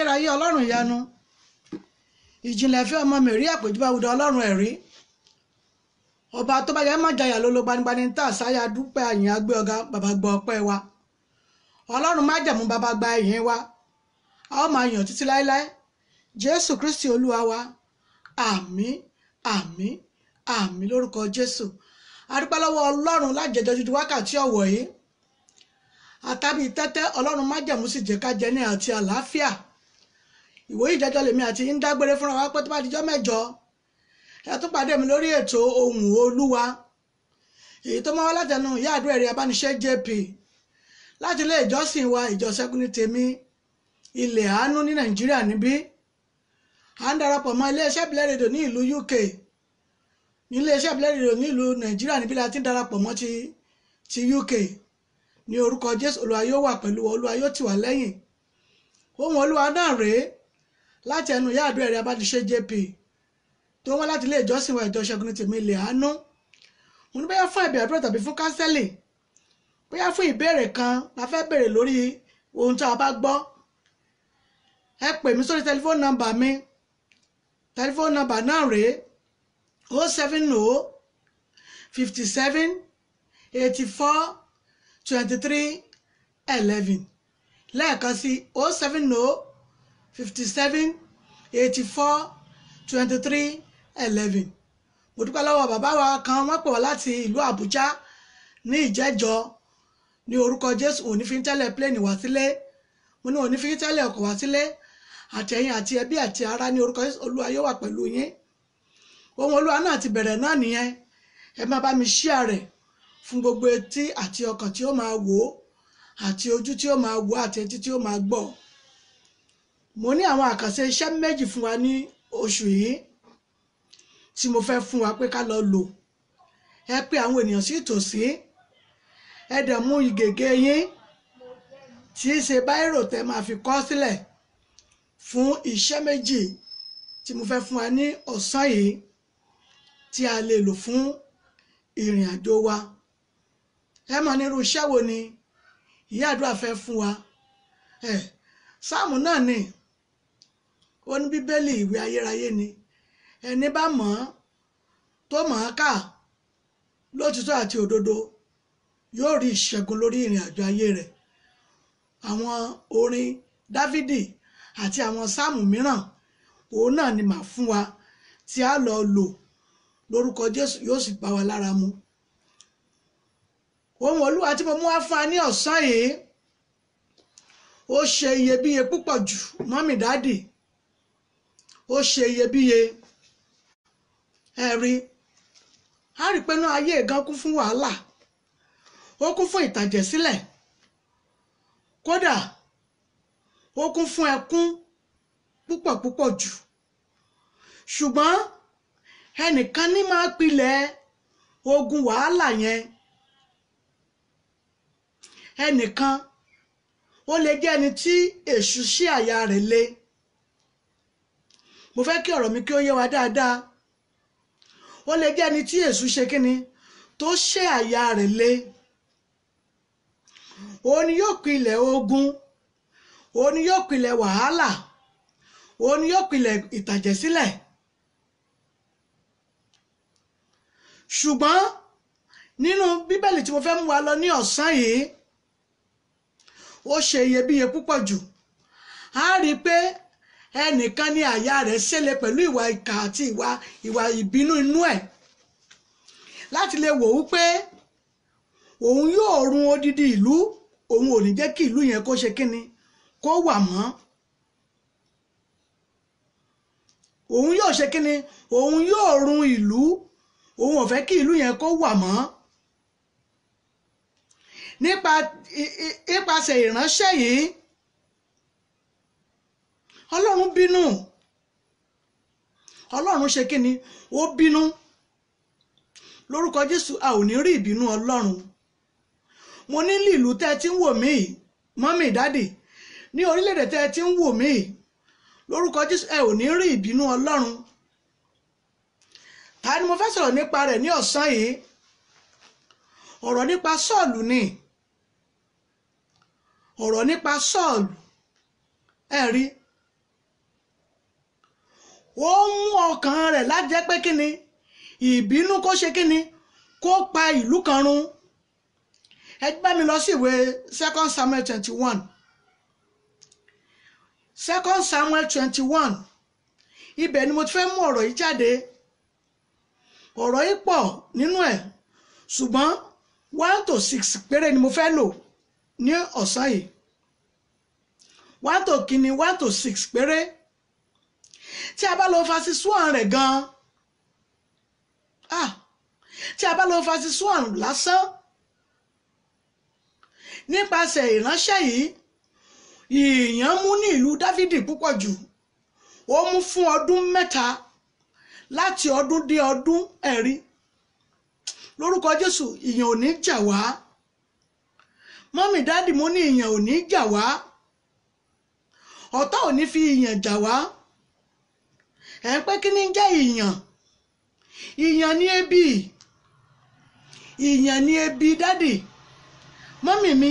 ayérayé ọlọ́run ìyanu ìjìnlẹ̀ fẹ́ ọmọ mi rí àpèjúbà wùdà ọlọ́run ẹ̀rí ọba tó bá yẹ má jayà ló ló gbanigbani tá a sáyà dúpẹ́ àyìn agbé ọ̀gá bàbá gba ọpẹ́ wa ọlọ́run má jẹ̀mú bàbá gba ẹ̀yìn wa a ó máa yàn títí láéláé jésù kristi olúwa wa àmín àmín àmín lórúkọ jésù adúpẹ́ lọ́wọ́ ọlọ́run lájẹjọ ju wákàtí ọ̀wọ̀ yìí àtàbí tẹ́tẹ́ ọlọ́run má jẹ̀mú sì jẹ́ ká jẹ ní àti àlàáfíà ìwòye ìjẹjọ lèmi àti ń dágbére fúnra wa pé tó bá dijọ́ mẹ́jọ ẹ tún pàdé mi lórí ètò ohùn olúwa èyí tó máa wá látẹnu ìyá àdúrà ẹ̀rí abániṣẹ́ jp láti ilé ìjọsìn wa ìjọ Ṣẹ́gun ní tèmi ilẹ̀ àánú ní nàìjíríà níbí à ń darapọ̀ mọ́ iléeṣẹ́ ìbílẹ̀ rédíò ní ìlú uk ní iléeṣẹ́ ìbílẹ̀ rédíò ní ìlú nàìjíríà níbí la ti ń darapọ̀ mọ́ ti ti uk ní orúkọ jésù olúwa yóò wà pẹ̀lú wa yóò tì wá lẹ́yìn ohun olúwa náà rèé láti ẹnu ìyá àdúrà rẹ̀ abájíṣe jp tó wá láti ilé ìjọsìn wa ìjọ ṣẹ́gun tèmi ilẹ̀ àánú mo ní bóyá fún ẹ̀bẹ̀ àdúrà tàbí fún kánsẹ́lì bóyá fún ìbéèrè kan la fẹ́ béèrè lórí ohun tí a bá gbọ́ ẹ pè mí sórí tẹlifóònù nọ́mbà mi tẹlifóònù nọ́mbà náà rèé o oh seven o oh fifty seven eighty four twenty three eleven lẹ́ẹ̀kan sí o oh seven o. 57 84 23 11 mo dúpẹ́ lọ́wọ́ bàbá wa kan wọ́n pè wá láti ìlú Àbújá ní ìjẹ́jọ́ ní orúkọ Jésù òní fi ń tẹ́lẹ̀ pléènì wá sílé mo ní òní fi ń tẹ́lẹ̀ ọkọ̀ wá sílé àtẹ̀yìn àti ẹbí àti ará ní orúkọ Jésù Olúwa yóò wà pẹ̀lú yín ohun Olúwa náà ti bẹ̀rẹ̀ náà nìyẹn ẹ máa bá mi ṣíà rẹ̀ fún gbogbo etí àti ọkàn tí ó máa wò ó àti ojú tí ó máa wò ó àti etí tí ó máa gbọ́ ọ mo ní àwọn àkànṣe iṣẹ́ méjì fún wa ní oṣù yìí tí mo fẹ́ fún wa pé ká lọ lò ẹ pé àwọn ènìyàn sí ìtòsí ẹ dẹ̀ mú ìgègé yín tí í ṣe báírò tẹ máa fi kọ sílẹ̀ fún iṣẹ́ méjì tí mo fẹ́ fún wa ní ọ̀sán yìí tí a lè lò fún ìrìn àjò wa ẹ mọ̀ nírú iṣẹ́ wo ni ìyá àdúrà fẹ́ fún wa ẹ sáàmù náà ni ó ní bíbélì ìwé ayérayé ni ẹni bá mọ̀ ọ́ tó mọ̀ ọ́ kà lótìtọ́ àti òdodo yóò rí ìṣẹ́gun lórí ìrìn àjò ayé rẹ̀ àwọn orin dávidi àti àwọn sáàmù mìíràn òun náà ni màá fún wa tí a lọ lò lórúkọ jésù yóò sì bá wa lára mu ohun olúwa tí mo mú wá fún wa ní ọ̀sán yìí ó ṣe iyebíye púpọ̀ jù mọ́mì dáàdì ó ṣe iyebíye ẹ rí a rí pé náà ayé gan kún fún wàhálà ó kún fún ìtàjẹ̀sílẹ̀ kódà ó kún fún ẹkún púpọ̀ púpọ̀ jù ṣùgbọ́n ẹnìkan ní máa pilẹ̀ ogun wàhálà yẹn ẹnìkan ó lè jẹ́ ẹni tí èṣù sí àyà rẹ̀ lé mo fẹ́ kí ọ̀rọ̀ mi kí ó yé wa dáadáa ó lè jẹ́ ẹni tí èṣù ṣe kínni tó ṣe àyà rẹ̀ lé òun ni yóò pilẹ̀ ogun òun ni yóò pilẹ̀ wàhálà òun ni yóò pilẹ̀ ìtàjẹ̀sílẹ̀ ṣùgbọ́n nínú bíbélì tí mo fẹ́ mú wa lọ ní ọ̀sán yìí ó ṣe iyebíye púpọ̀ jù a rí i pé ẹnìkan ní àyà rẹ̀ ṣẹlẹ̀ pẹ̀lú ìwà ìkà àti ìwà ìwà ìbínú inú ẹ̀ láti lè wò ó pé òun yóò run odidi ìlú òun ò ní jẹ́ kí ìlú yẹn kó ṣe kínni kó wà mọ́ òun yóò ṣe kínni òun yóò run ìlú òun ò fẹ́ kí ìlú yẹn kó wà mọ́ nípa nípasẹ̀ ìránṣẹ́ yìí ọlọ́run bínú ọlọ́run ṣe kí ni ó bínú lórúkọ jésù a ò ní rí ìbínú ọlọ́run mo ní lílù tẹ́ ẹ ti ń wò mí mọ́mì dádì ní orílẹ̀-èdè tẹ́ ẹ ti ń wò mí lórúkọ jésù ẹ ò ní rí ìbínú ọlọ́run ta ni mo fẹ́ sọ̀rọ̀ nípa rẹ̀ ní ọ̀sán yìí ọ̀rọ̀ nípa sọ́ọ̀lù ni ọ̀rọ̀ nípa sọ́ọ̀lù ẹ rí ó mú ọkàn rẹ̀ lájẹ́ pé kíni ìbínú kó ṣe kíni kó pa ìlú kan run ẹ bá mi lọ sí ìwé second Samuel twenty one second Samuel twenty one ibẹ̀ ni mo ti fẹ́ mú ọ̀rọ̀ yìí jáde ọ̀rọ̀ yìí pọ̀ nínú ẹ̀ ṣùgbọ́n one to six péré ni mo fẹ́ lò ní ọ̀sán yìí one to kìíní one to six péré tí a bá lọ verse one rẹ̀ gan ah tí a bá lọ verse one lásán nípasẹ̀ ìránṣẹ́ yìí ìyàn mú ní ìlú Dáfídì púpọ̀ jù ó mú fún ọdún mẹ́ta láti ọdún dé ọdún ẹ̀rí lórúkọ Jésù ìyàn ò ní jà wá mọ́mì dáàdì mo ní ìyàn ò ní jà wá ọ̀tá ò ní fi ìyàn jà wá. ẹ̀ ń pé kí ni jẹ́ ìyàn ìyàn ni ebi ìyàn ni ebi dádì mọ́mì mi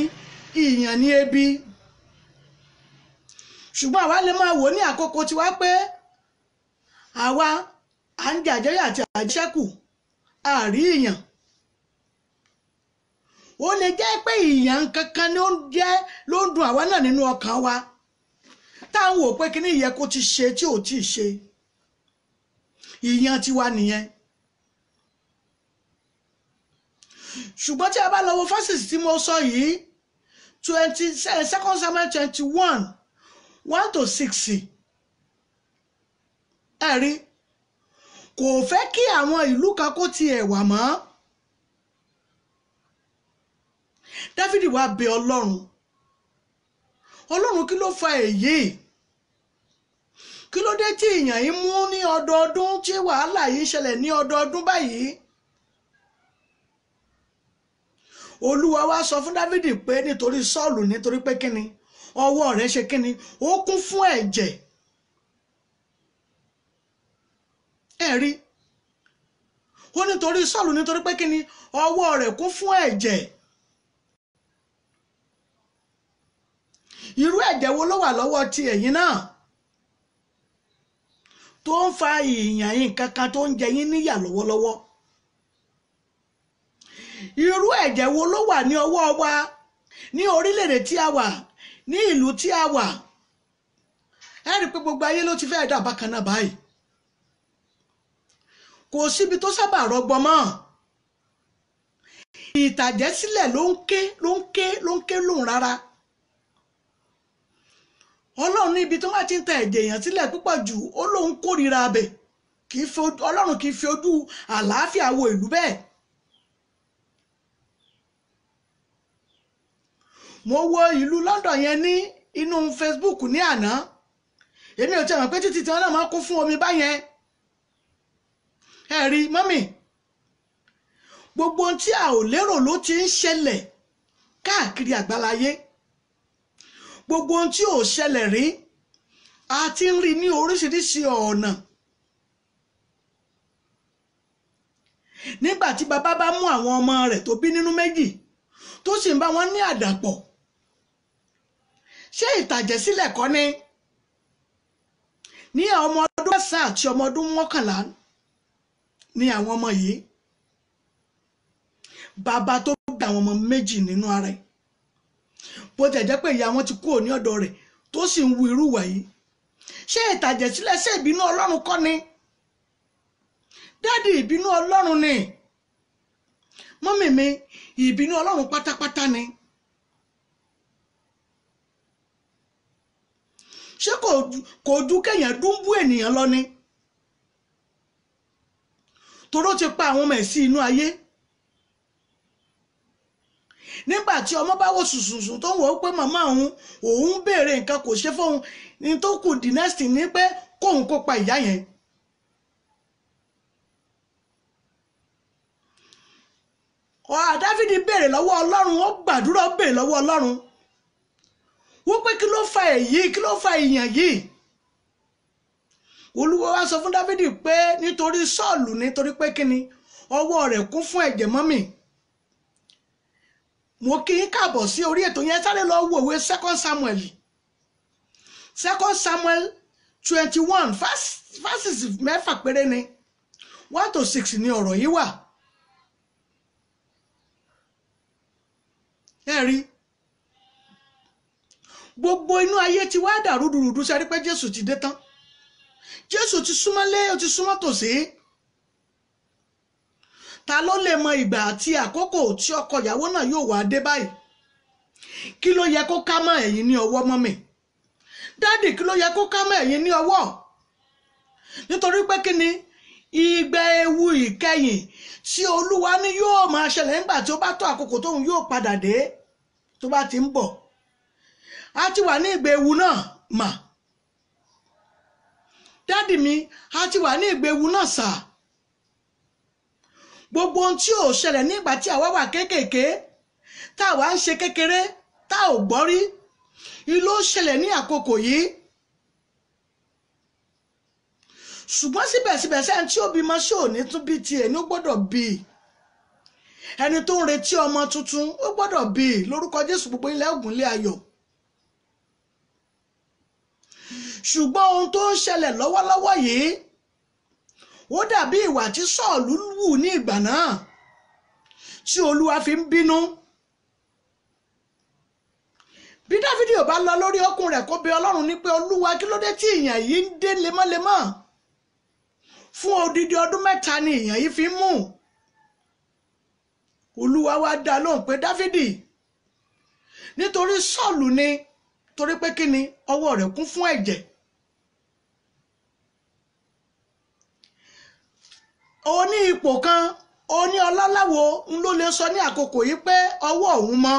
ìyàn ni ebi ṣùgbọ́n àwa lè máa wò ní àkókò tiwa pé àwa à ń jàjẹ́yà àti àjẹkù àrí ìyàn ó lè jẹ́ pé ìyàn kankan ló ó ń jẹ́ ló ń dùn àwa náà nínú ọkàn wa táwọn wò pé kíní yẹ kó ti ṣe tí ò tí ì ṣe. ìyan tiwa nìyẹn ṣùgbọ́n tí a bá lọ fásitì tí mo sọ yìí twenty eh, second Samuel twenty one one to six ẹ̀rí kò fẹ́ kí àwọn ìlú kan kó tiẹ̀ wà mọ́ Dáfídì wá bẹ Ọlọ́run Ọlọ́run kí ló fa èyí? kí ló dé tí ìyàn yìí mú ní ọdọọdún tí wàhálà yìí ṣẹlẹ̀ ní ọdọọdún báyìí olúwa wá sọ fún dávidi pé nítorí sọ́ọ̀lù nítorí pé kíni ọwọ́ rẹ̀ ṣe kíni ó kún fún ẹ̀jẹ̀ ẹ rí ó nítorí sọ́ọ̀lù nítorí pé kíni ọwọ́ rẹ̀ kún fún ẹ̀jẹ̀ irú ẹ̀jẹ̀ wo ló wà lọ́wọ́ ti ẹ̀yin náà. tó ń fa ìyàn yín kankan tó ń jẹ yín níyà lọ́wọ́lọ́wọ́ irú ẹ̀jẹ̀ wo ló wà ní ọwọ́ wa ní orílẹ̀-èdè tí a wà ní ìlú tí a wà ẹ rí i pé gbogbo ayé ló ti fẹ́ẹ́ dà bákan náà báyìí kò síbi tó sábà rọgbọ mọ́ ìtàjẹ̀sílẹ̀ ló ń ké ló ń ké ló ń ké lóhùn rárá. ọlọ́run ní ibi tó má ti ń ta ẹ̀jẹ̀ èèyàn sílẹ̀ púpọ̀ jù ó lóun kórìíra abẹ ọlọ́run kì í fi ojú àlàáfíà wo ìlú bẹ́ẹ̀. mo wo ìlú London yẹn ní inú Facebook ní àná èmi ò tiẹ̀ mọ̀ pé títí tí wọ́n náà máa kún fún omi báyẹn ẹ rí mọ́mì gbogbo ohun tí a ò lérò ló ti ń ṣẹlẹ̀ káàkiri àgbáláyé gbogbo ohun tí ò ṣẹlẹ̀ rí a ti ń rí ní oríṣiríṣi ọ̀nà nígbà tí bàbá bá mú àwọn ọmọ rẹ̀ tó bí nínú méjì tó sì ń bá wọn ní àdàpọ̀ ṣé ìtàjẹ̀sílẹ̀ kọ́ ni ní àwọn ọmọ ọdún mẹ́sàn-án àti ọmọ ọdún mọ́kànlá ni àwọn ọmọ yìí bàbá tó gbà àwọn ọmọ méjì nínú ara ẹ̀ bó tẹ̀ jẹ́ pé ìyá wọn ti kúrò ní ọ̀dọ̀ rẹ̀ tó sì ń wu irú ìwà yìí ṣé ìtàjẹ̀sílẹ̀ ṣé ìbínú ọlọ́run kọ́ ni dáàdì ìbínú ọlọ́run ni mọ́mì mi ìbínú ọlọ́run pátápátá ni ṣé kò ju kéèyàn dúnbú ènìyàn lọ ni toró ti pa àwọn ọmọ ẹ̀ sí inú ayé nígbà tí ọmọ bá wò sùsùsù tó ń wò ó pé màmá òun òun béèrè nǹkan kò ṣe fóun ní tó kù the next thing ni pé kóun kó pa ìyá yẹn. ọ̀hà dáfídì béèrè lọ́wọ́ ọlọ́run ó gbàdúrà ó béèrè lọ́wọ́ ọlọ́run wọ́n pé kí ló fa èyí kí ló fa ìyàn yìí olúwa wá sọ fún dáfídì pé nítorí sọ́ọ̀lù nítorí pé kíni ọwọ́ rẹ̀ kún fún ẹ̀jẹ̀ mọ́mì mo kí n káàbọ̀ sí orí ètò yẹn sáré lọ wo ìwé second samuel second samuel twenty one verses mẹ́fà péré ni one to six ni ọ̀rọ̀ yìí wà. ẹ rí gbogbo inú ayé ti wá dàrú dùrùdù sẹ́rí pé jésù ti dé tán jésù ti súnmọ́lé ó ti súnmọ́ tòsí ta ló lè mọ ìgbà àti àkókò tí ọkọ ìyàwó náà yóò wá dé báyìí kí ló yẹ kó ká mọ́ ẹ̀yin ní ọwọ́ mọ́mì dáàdì kí ló yẹ kó ká mọ́ ẹ̀yin ní ọwọ́ nítorí pé kí ni ìgbà ewu ìkẹyìn tí olúwa ní yóò máa ṣẹlẹ̀ nígbà tí ó bá tó àkókò tóun yóò padà dé tó bá ti ń bọ̀ a ti wà ní ìgbà ewu náà mà dáàdì mi a ti wà ní ìgbà ewu náà sáà gbogbo ohun tí ò ṣẹlẹ̀ nígbà tí àwa wà kéékèèké tá àwa ń ṣe kékeré tá ò gbọ́ rí ló ṣẹlẹ̀ ní àkókò yìí ṣùgbọ́n síbẹ̀síbẹ̀ sẹ́ni tí ó bímọ sí òní tún bí tiẹ̀ ní ó gbọ́dọ̀ bí i ẹni tó ń retí ọmọ tuntun ó gbọ́dọ̀ bí i lórúkọ Jésù gbogbo ilẹ̀ ògùn ilé ayọ̀ ṣùgbọ́n ohun tó ń ṣẹlẹ̀ lọ́wọ́lọ́wọ́ yìí ó dàbí ìwà tí sọ́ọ̀lù wù ní ìgbà náà tí olúwa fi ń bínú bí dáfídì ò bá lọ lórí ọkùn rẹ̀ kó bẹ ọlọ́run ní pé olúwa kí ló dé tí ìyàn yìí ń dé lemọ́lemọ́ fún odidi ọdún mẹ́ta ni ìyàn yìí fi ń mú olúwa wá dá lóhùn pé dáfídì nítorí sọ́ọ̀lù ni torí pé kí ni ọwọ́ rẹ̀ kún fún ẹ̀jẹ̀ oní ipò kan oní ọlọ́láwo ń ló lè sọ ní àkókò yìí pé ọwọ́ òun mọ́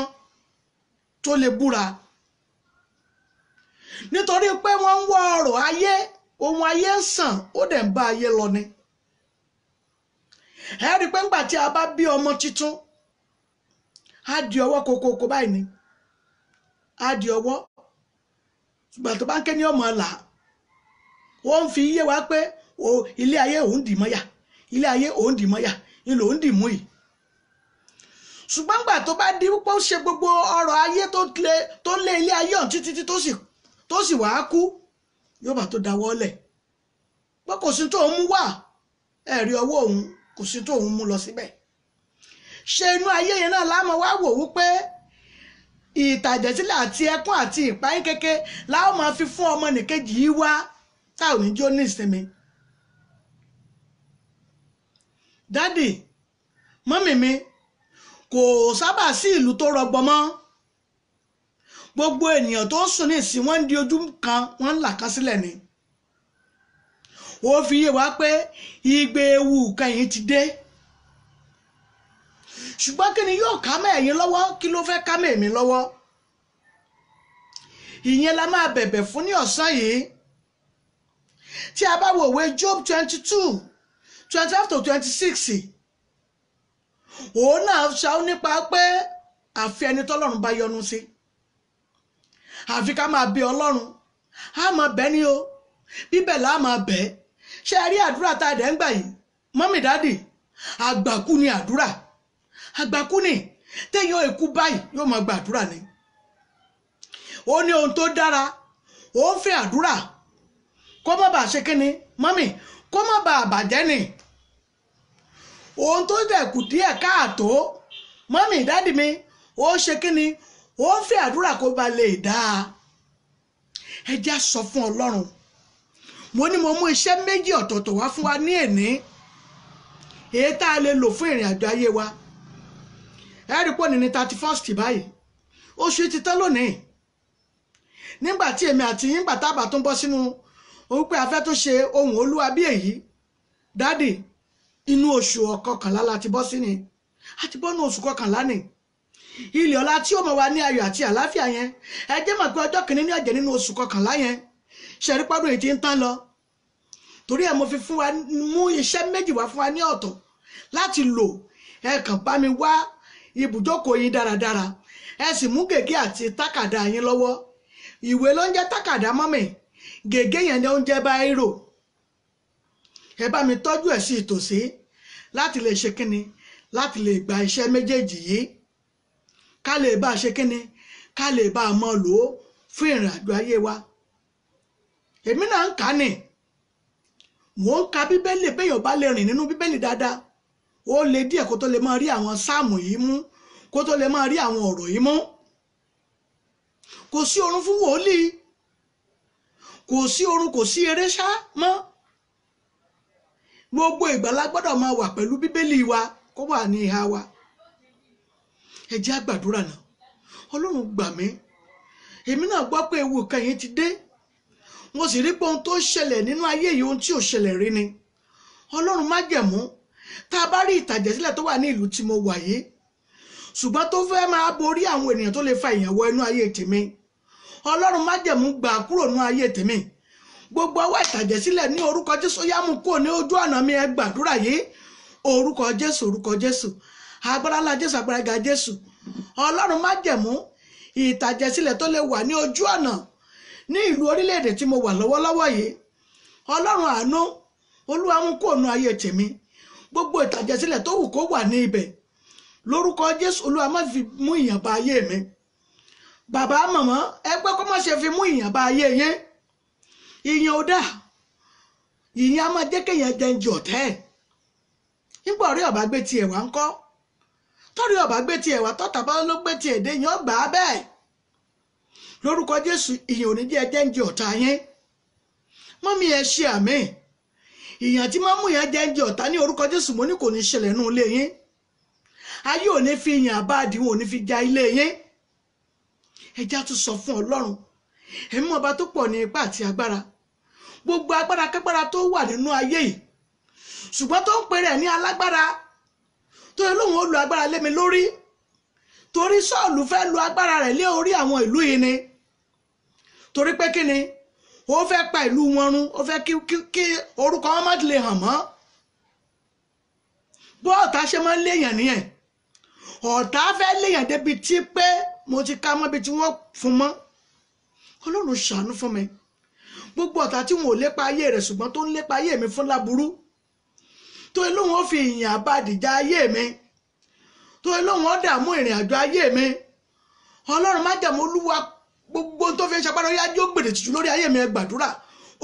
tó lè búra nítorí pé wọ́n ń wọ ọrọ̀ ayé ohun ayé ń sàn ó dẹ̀ ń bá ayé lọ ni ẹ rí i pé ńgbà tí a bá bí ọmọ tuntun á di ọwọ́ kokoko báyìí ni á di ọwọ́ ṣùgbọ́n tó bá ń ké ní ọmọ ọ̀la ó ń fi yé wa pé ilé ayé òun dì mọ́yà. ilé ayé òun dì mọ́yà ńlò òun dì mú yìí ṣùgbọ́n gbà tó bá di púpọ̀ ṣe gbogbo ọrọ̀ ayé tó lé ilé ayé ọ̀hún títí tó sì wàá kú yóò bá tó dáwọ́ lẹ̀ pé kò sí tó ń mú wá ẹ̀rí ọwọ́ òun kò sí tó ń mú lọ síbẹ̀ ṣe inú ayé yẹn náà láàmú wá wò wípé ìtàjẹ̀sílẹ̀ àti ẹkún àti ìpáyín kéke láwọn máa fi fún ọmọ nìkejì yìí wá táwọn oníjó ní ìsinmi dádì mọ́mì mi kò sábà sí ìlú tó rọgbọ mọ́ gbogbo ènìyàn tó sùn ní ìsìn wọ́n ń di ojú kan wọ́n ń là kan sílẹ̀ ni ó fi yé wa pé igbe ewu kan yìí ti dé ṣùgbọ́n kí ni yóò ká mọ́ ẹ̀yin lọ́wọ́ kí ló fẹ́ ká mọ́ èmi lọ́wọ́ ìyẹn la máa bẹ̀bẹ̀ fún ní ọ̀sán yìí tí a bá wo ìwé Job twenty two twenty five to twenty six òun náà ṣàwọn nípa pé àfi ẹni tọ́lọ́run bá yọ́nú sí àfi ká máa bí ọlọ́run á máa bẹ́ ní o bíbẹ̀ là á máa bẹ́ ṣé ẹ rí àdúrà tá a dẹ̀ ń gbà yìí mọ́mì dáàdì àgbàkú ni àdúrà àgbàkú ni téèyàn èkú báyìí yóò máa gbàdúrà ni ó ní ohun tó dára ó ń fẹ́ àdúrà kó má bàa ṣe kínni mọ́mì kó má bàa bàjẹ́ ni ohun tó dẹ̀kù díẹ̀ káàtó mọ́mì dádì mi ó ṣe kí ni ó ń fi àdúrà kó ba lè dáa ẹ já sọ fún ọlọ́run mo ní mo mú iṣẹ́ méjì ọ̀tọ̀ọ̀tọ̀ wá fún wa ní èní èyí tá a lè lò fún ìrìn àjò ayé wa ẹ rí pọ̀ ní ní thirty first báyìí oṣù ti tán lónìí nígbà tí èmi àti yín bàtà bàtún bọ́ sínú wípé a fẹ́ tó ṣe ohun olúwa bí èyí dádì inú oṣù ọ̀kọkànlá la ti bọ́ sí ni a ti bọ́ ní oṣù kọkànlá ni ilé ọlá tí ó mọ̀ wá ní ayọ̀ àti àlàáfíà yẹn ẹ jẹ́ mọ̀ pé ọjọ́ kìíní ní ọ̀jẹ̀ nínú oṣù kọkànlá yẹn ṣẹ̀rí pọ́dún èyí ti ń tán lọ torí ẹ̀ mo fi fún wa mú iṣẹ́ méjì wá fún wa ní ọ̀tọ̀ láti lò ẹ kàn bá mi wá ibùjókòó yín dáradára ẹ sì mú gègé àti tákàdá yín lọ́wọ́ ìwé ló ń jẹ́ tákàdá mọ́mì gègé yẹn ló ń jẹ́ báírò ẹ bá mi tọ́jú ẹ̀ sí ìtòsí láti lè ṣe kíni láti lè gba iṣẹ́ méjèèjì yìí ká lè bá a ṣe kíni ká lè bá a mọ̀ lò ó fún ìrìn àjò ayé wa èmi náà ń kà á nì mò ń ka bíbélì béèyàn bá lè rìn nínú bíbélì dáadáa ó lè díẹ̀ kó tó lè máa rí àwọn sáàmù yìí mú kó tó lè máa rí àwọn ọ̀rọ̀ yìí mú kò sí orun fún wòlíì kò sí orun kò sí eré ṣá mọ́ gbogbo ìgbà la gbọ́dọ̀ máa wà pẹ̀lú bíbélì wa kó wà ní ìhà wa ẹ jẹ́ á gbàdúrà náà ọlọ́run gbà mí èmi náà gbọ́ pé ewu kan yìí ti dé mo sì rí pé ohun tó ṣẹlẹ̀ nínú ayé yìí ohun tí ò ṣẹlẹ̀ rí ni ọlọ́run má jẹ̀mú tá a bá rí ìtàjẹ̀sílẹ̀ tó wà ní ìlú tí mo wà yìí ṣùgbọ́n tó fẹ́ máa borí àwọn ènìyàn tó lè fa ìyàwó inú ayé tèmi ọlọ́run má jẹ̀mú gbà kúrò nínú ayé tèmi gbogbo ọwọ́ ìtàjẹ̀ sílẹ̀ ní orúkọ jésù yá mú kúrò ní ojú ọ̀nà mi ẹ gbàdúrà yìí orúkọ jésù orúkọ jésù agbára ńlá jésù agbára ga jésù ọlọ́run má jẹ̀mú ìtàjẹ̀ sílẹ̀ tó lè wà ní ojú ọ̀nà ní ìlú orílẹ̀-èdè tí mo wà lọ́wọ́lọ́wọ́ yìí ọlọ́run àánú olúwa mú kúrò ní ayé tèmi gbogbo ìtàjẹ̀ sílẹ̀ tó wù kó wà ní ibẹ̀ lórúkọ jésù olúwa má fi mú ìyàn bá ayé mi bàbá màmá ẹgbẹ́ kó má ṣe fi mú ìyàn bá ayé yẹn ìyẹn ò dáa ìyẹn a máa jẹ́ kéèyàn jẹ́ ń jẹ ọ̀tẹ́ ẹ̀ nígbà ọ̀rẹ́ ọ̀bá gbé tiẹ̀ wá ń kọ́ tọ́rí ọ̀bá gbé tiẹ̀ wá tọ́ta bá ló gbé tiẹ̀ dé yẹn ọgbà á bẹ́ẹ̀ lórúkọ Jésù ìyẹn ò ní jẹ́ jẹ́ ọ̀tá yẹn mọ́mí ẹ ṣe àmì ìyẹn tí máa mú yẹn jẹ́ ń jẹ ọ̀tá ní orúkọ Jésù mọ ní kò ní ṣẹlẹ̀ nú ilé yín ayé ò ní fi ìyẹn àbáàdì wọn ò ní fi ja ilé yín ẹjá tún sọ fún Ọlọ́run ẹ̀mí ọba tó pọ ní ipá àti agbára gbogbo agbára kágbára tó wà nínú ayé yìí ṣùgbọ́n tó ń pè rẹ̀ ní alágbára tó yẹ lóun ó lo agbára lé mi lórí torí Sọ́ọ̀lù fẹ́ lo agbára rẹ̀ lé orí àwọn ìlú yìí ni torí pé kí ni ó fẹ́ pa ìlú wọn run ó fẹ́ kí orúkọ wọn má lè hàn mọ́ bó ọ̀tá ṣe máa ń léèyàn nìyẹn ọ̀tá fẹ́ léèyàn débi tí pé mo ti ka mọ́ ibi tí wọ́n fún mọ́ Ọlọ́run ṣàánú fún mi gbogbo ọ̀tá tí wọn ò lépa ayé rẹ̀ ṣùgbọ́n tó ń lépa ayé mi fún láburú tó ilé wọn fi ìyìn àbádìjà ayé mi tó ilé wọn dààmú ìrìn àjò ayé mi ọlọ́run má jàmú olúwa gbogbo tó fi ṣàpárá yájú ó gbèrè tìjú lórí ayé mi ẹ gbàdúrà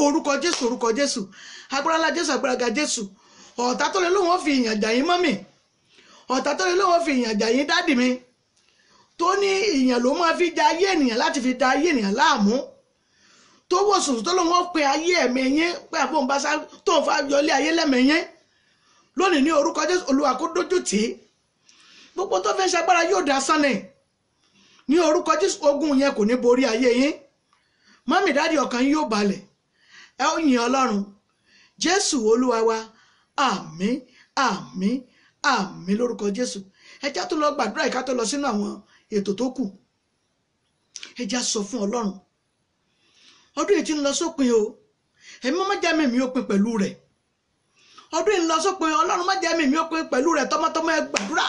orúkọ jésù orúkọ jésù agbára ńlá jésù agbára ga jésù ọ̀tá tó lé lóun fi ìyìn àjà yín mọ́mì ọ̀tá tó lé lóun fi ìyìn àjà yín dádì mi tó ní ìyìn ló máa fi da ayé ènìyàn láti fi da ayé ènìyàn láàmú tó wò sùn tó lóun ó pe ayé ẹ̀mẹ̀yẹn pé àbóun bá sá tóun fa yọlé ayé lẹ́mẹ̀yẹn lónìí ní orúkọ jésù olúwa kó dójú tì í gbogbo tó fẹ́ ṣagbára yóò dá sánlẹ̀ ní orúkọ jésù ogun yẹn kò ní borí ayé yín mọ́mì dáàdi ọkàn yín yóò balẹ̀ ẹ ó yìn ọlọ́run jésù olúwa wa àmín àmín àmín lórúkọ jésù ẹ já tó lọ gbàdúrà ìka tó lọ sínú àwọn ètò tó kù ẹ já sọ fún ọlọ́run ọdún yìí ti ń lọ sópin o èmi má jẹ́ mímí òpin pẹ̀lú rẹ̀ ọdún yìí ń lọ sópin ọlọ́run má jẹ́ mímí òpin pẹ̀lú rẹ̀ tọmọtọmọ ẹ gbàdúrà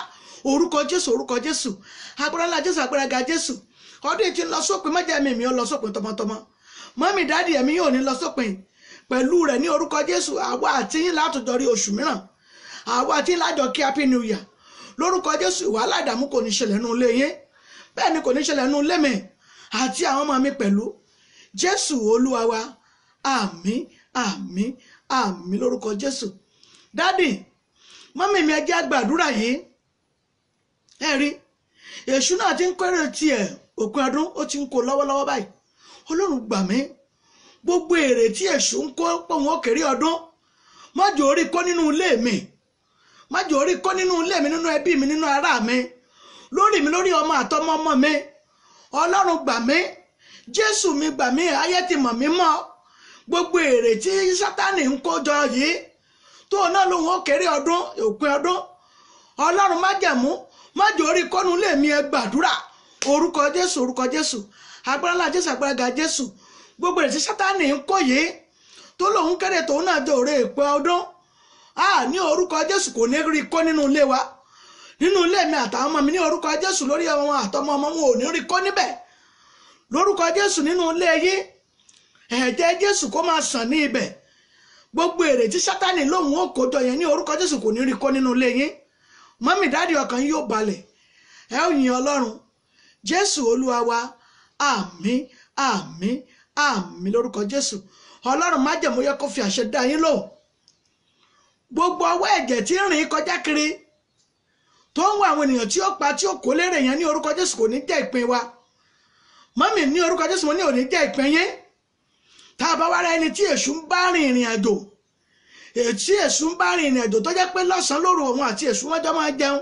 orúkọ jésù orúkọ jésù agbára ńlá jésù agbára ga jésù ọdún yìí ti ń lọ sópin má jẹ́ mímí ó lọ sópin tọmọtọmọ mọ́mí dáàdì ẹ̀mí yóò ní lọ sópin pẹ̀lú rẹ̀ ní orúkọ jésù àwa àti yín látòjọ rí oṣù mìíràn àwa àti yín lájọ kí happy new year lórúkọ jésù wàhálà ìdààmú kò ní ṣẹlẹ̀ nù ilé yín bẹ́ẹ̀ ni kò ní ṣẹlẹ̀ nù ilé mi àti àwọn ọmọ mi pẹ̀lú jésù olúwa wa àmín àmín lorúkọ lórúkọ jésù dádì mọ́mí mi ẹ jẹ́ àgbàdúrà yìí ẹ rí èṣù náà ti ń kéré tiẹ̀ òpin ọdún ó ti ń kó lọ́wọ́lọ́wọ́ báyìí ọlọ́run gbà mí gbogbo èrè tí èṣù ń kó pọ̀wọ́n òkèrè ọdún májò orí kó nínú ilé mi májò orí kó nínú ilé mi nínú ẹbí mi nínú ará mi lórí mi lórí ọmọ àtọmọ ọmọ mi ọlọ́run gbà mí jésù mi gbà mí ayé ti mọ̀ mí mọ́ gbogbo èrè tí sátánì ń kó yìí tó náà lòun ó kéré ọdún òpin ọdún ọlọ́run májẹ̀mú májẹ̀ orí kọ́nu lè mi ẹ gbàdúrà orúkọ jésù orúkọ jésù jésù agbáraga jésù gbogbo èrè tí sátánì ń kó yìí tó lòun kéré tòun náà jọ òré ọdún a ní orúkọ jésù kò ní wa ní orúkọ jésù lórúkọ jésù nínú ilé yín ẹ̀jẹ̀ jésù kó máa sàn ní ibẹ̀ gbogbo èrè tí sátani lòun ò kó jọ yẹn ní orúkọ jésù kò ní rí kó nínú ilé yín mọ́mì dáàdì ọkàn yóò balẹ̀ ẹ ò yìn ọlọ́run jésù olúwa àmì àmì àmì àmín lórúkọ jésù ọlọ́run májẹ̀mú yẹ kó fi àṣẹ dá yín lò gbogbo ọwọ́ ẹ̀jẹ̀ tí ń rìn kọjá kiri tó ń wọ àwọn ènìyàn tí ó pa tí ó kó lérè yẹn ní orúkọ jésù kò ní jẹ́ ìpín wa. Mami, ní orúkọ jésù mo ní òní jẹ́ ìpín yín tá a bá wá ra ẹni tí èṣù ń bá rìn ìrìn àjò tí èṣù ń bá rìn ìrìn àjò tó jẹ́ pé lọ́sàn-án lóru òun àti èṣù wọ́n jọ máa jẹun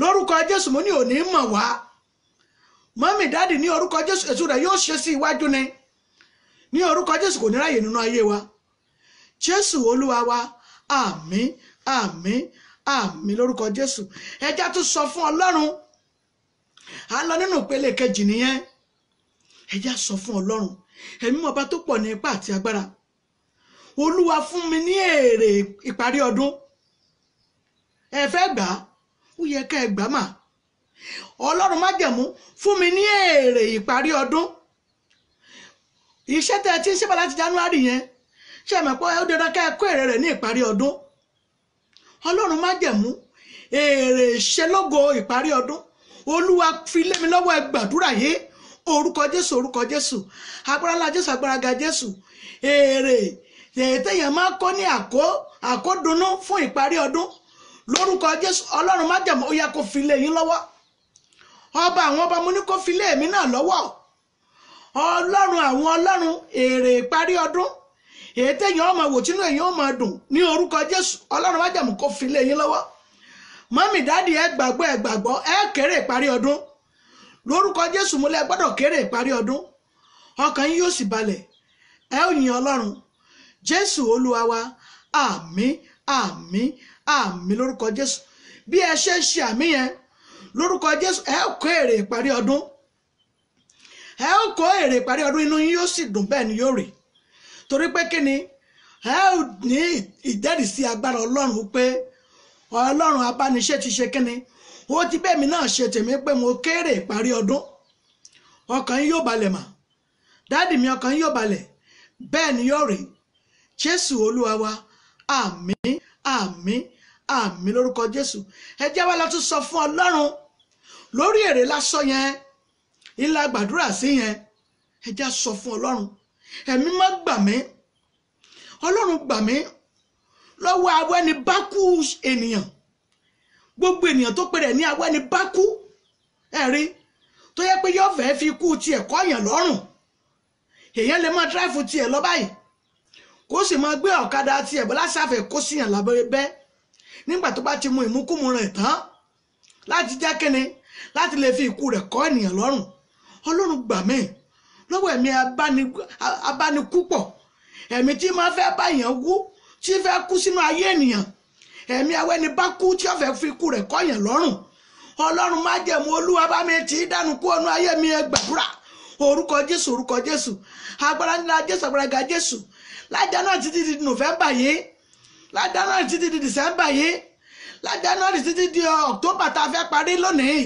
lórúkọ jésù mo ní òní mọ̀ wá Mami, dáàdì ní orúkọ jésù èṣù rẹ̀ yóò ṣe sí iwájú ni ní orúkọ jésù kò ní ráyè nínú ayé wa jésù olúwa wa àmín àmín àmín lórúkọ jésù ẹja tún sọ fún ọlọ́run a lọ nínú ìpele kejì nìyẹn ẹ já sọ fún ọlọ́run ẹ̀mí ọba tó pọ̀ ní ipá àti agbára olúwa fún mi ní èrè ìparí ọdún ẹ fẹ́ gbà á ó yẹ ká ẹ gbà á mà ọlọ́run má jẹ̀mú fún mi ní èrè ìparí ọdún iṣẹ́ tẹ́ ẹ ti ń ṣẹ́bà láti january yẹn ṣe mọ̀ pé ó dandan ká ẹ kó èrè rẹ̀ ní ìparí ọdún ọlọ́run má jẹ̀mú èrè ìṣelógo ìparí ọdún olúwa fi lé mi lọ́wọ́ ẹ gbàdúrà yé orúkọ jésù orúkọ jésù agbára ńlá jésù agbára ga jésù èrè tẹ̀yẹ̀ máa kọ́ ní àkó àkódùnnú fún ìparí ọdún lórúkọ jésù ọlọ́run má jẹ̀mọ́ ó yá kó fi lé yín lọ́wọ́ ọba àwọn ọba mo ní kó fi lé èmi náà lọ́wọ́ ọlọ́run àwọn ọlọ́run èrè ìparí ọdún èyí tẹ̀yìn ọmọ wò èyí ọmọ dùn ní orúkọ jésù ọlọ́run má jẹ̀mọ́ kó fi lé yín lọ́wọ́ mami dadi ẹ gbàgbọ́ ẹ gbàgbọ́ ẹ kéré ìparí ọdún lórúkọ jésù múlẹ̀ gbọ́dọ̀ kéré ìparí ọdún ọkàn yín yóò sì balẹ̀ ẹ ò yin ọlọ́run jésù olúwa wa àmì àmì lórúkọ jésù bí ẹ ṣe ṣe àmì yẹn lórúkọ jésù ẹ kó èrè ìparí ọdún ni yóò rè torí pé kí ni ọlọ́run abániṣẹ́ ti ṣe kínni ó ti bẹ́ẹ̀mí náà ṣe tèmi pé mo kéré ìparí ọdún ọkàn yín yóò balẹ̀ mà dáàdì mi ọkàn yín yóò balẹ̀ bẹ́ẹ̀ ni yóò rí jésù olúwa wa àmín àmín àmín lórúkọ jésù ẹ jẹ́ wá lọ́tún sọ fún ọlọ́run lórí èrè lásán yẹn ńlá gbàdúrà sí yẹn ẹ já sọ fún ọlọ́run ẹ̀mí má gbà mí ọlọ́run gbà mí lọ́wọ́ awẹ́ni bá kú ènìyàn gbogbo ènìyàn tó pe rẹ̀ ní awẹ́ni bá kú ẹ̀rí tó yẹ pé yóò fẹ́ fi kú tiẹ̀ kọ́yàn lọ́rùn èèyàn lè máa dráìfù tiẹ̀ lọ báyìí kó sì máa gbé ọ̀kadà tiẹ̀ bọ́ lásàfẹ́ kó síyàn lábẹ́rẹ́ bẹ́ nígbà tó bá ti mu ìmúkúmu rẹ̀ tán láti jẹ́ kíni láti lè fi ikú rẹ̀ kọ́ ènìyàn lọ́rùn ọlọ́run gbà mí lọ́wọ́ ẹ̀mí abánikú pọ̀ ẹ̀mí tí máa fẹ́ báyàn wú tí fẹ́ kú sínú ayé ènìyàn ẹ̀mí awẹ́ni bá kú tí ó fẹ́ fi ikú rẹ̀ kọ́yàn lọ́rùn ọlọ́run má jẹ̀mú olúwa bá mi tì í dànù kú ọ̀nà ayé mi ẹ gbàdúrà orúkọ jésù orúkọ jésù agbára ńlá jésù agbára ga jésù lájà náà títí di nọ́fẹ̀mbà yìí lájà náà títí di dìsẹ́mbà yìí lájà náà títí di ọ̀któbà tá a fẹ́ parí lónìí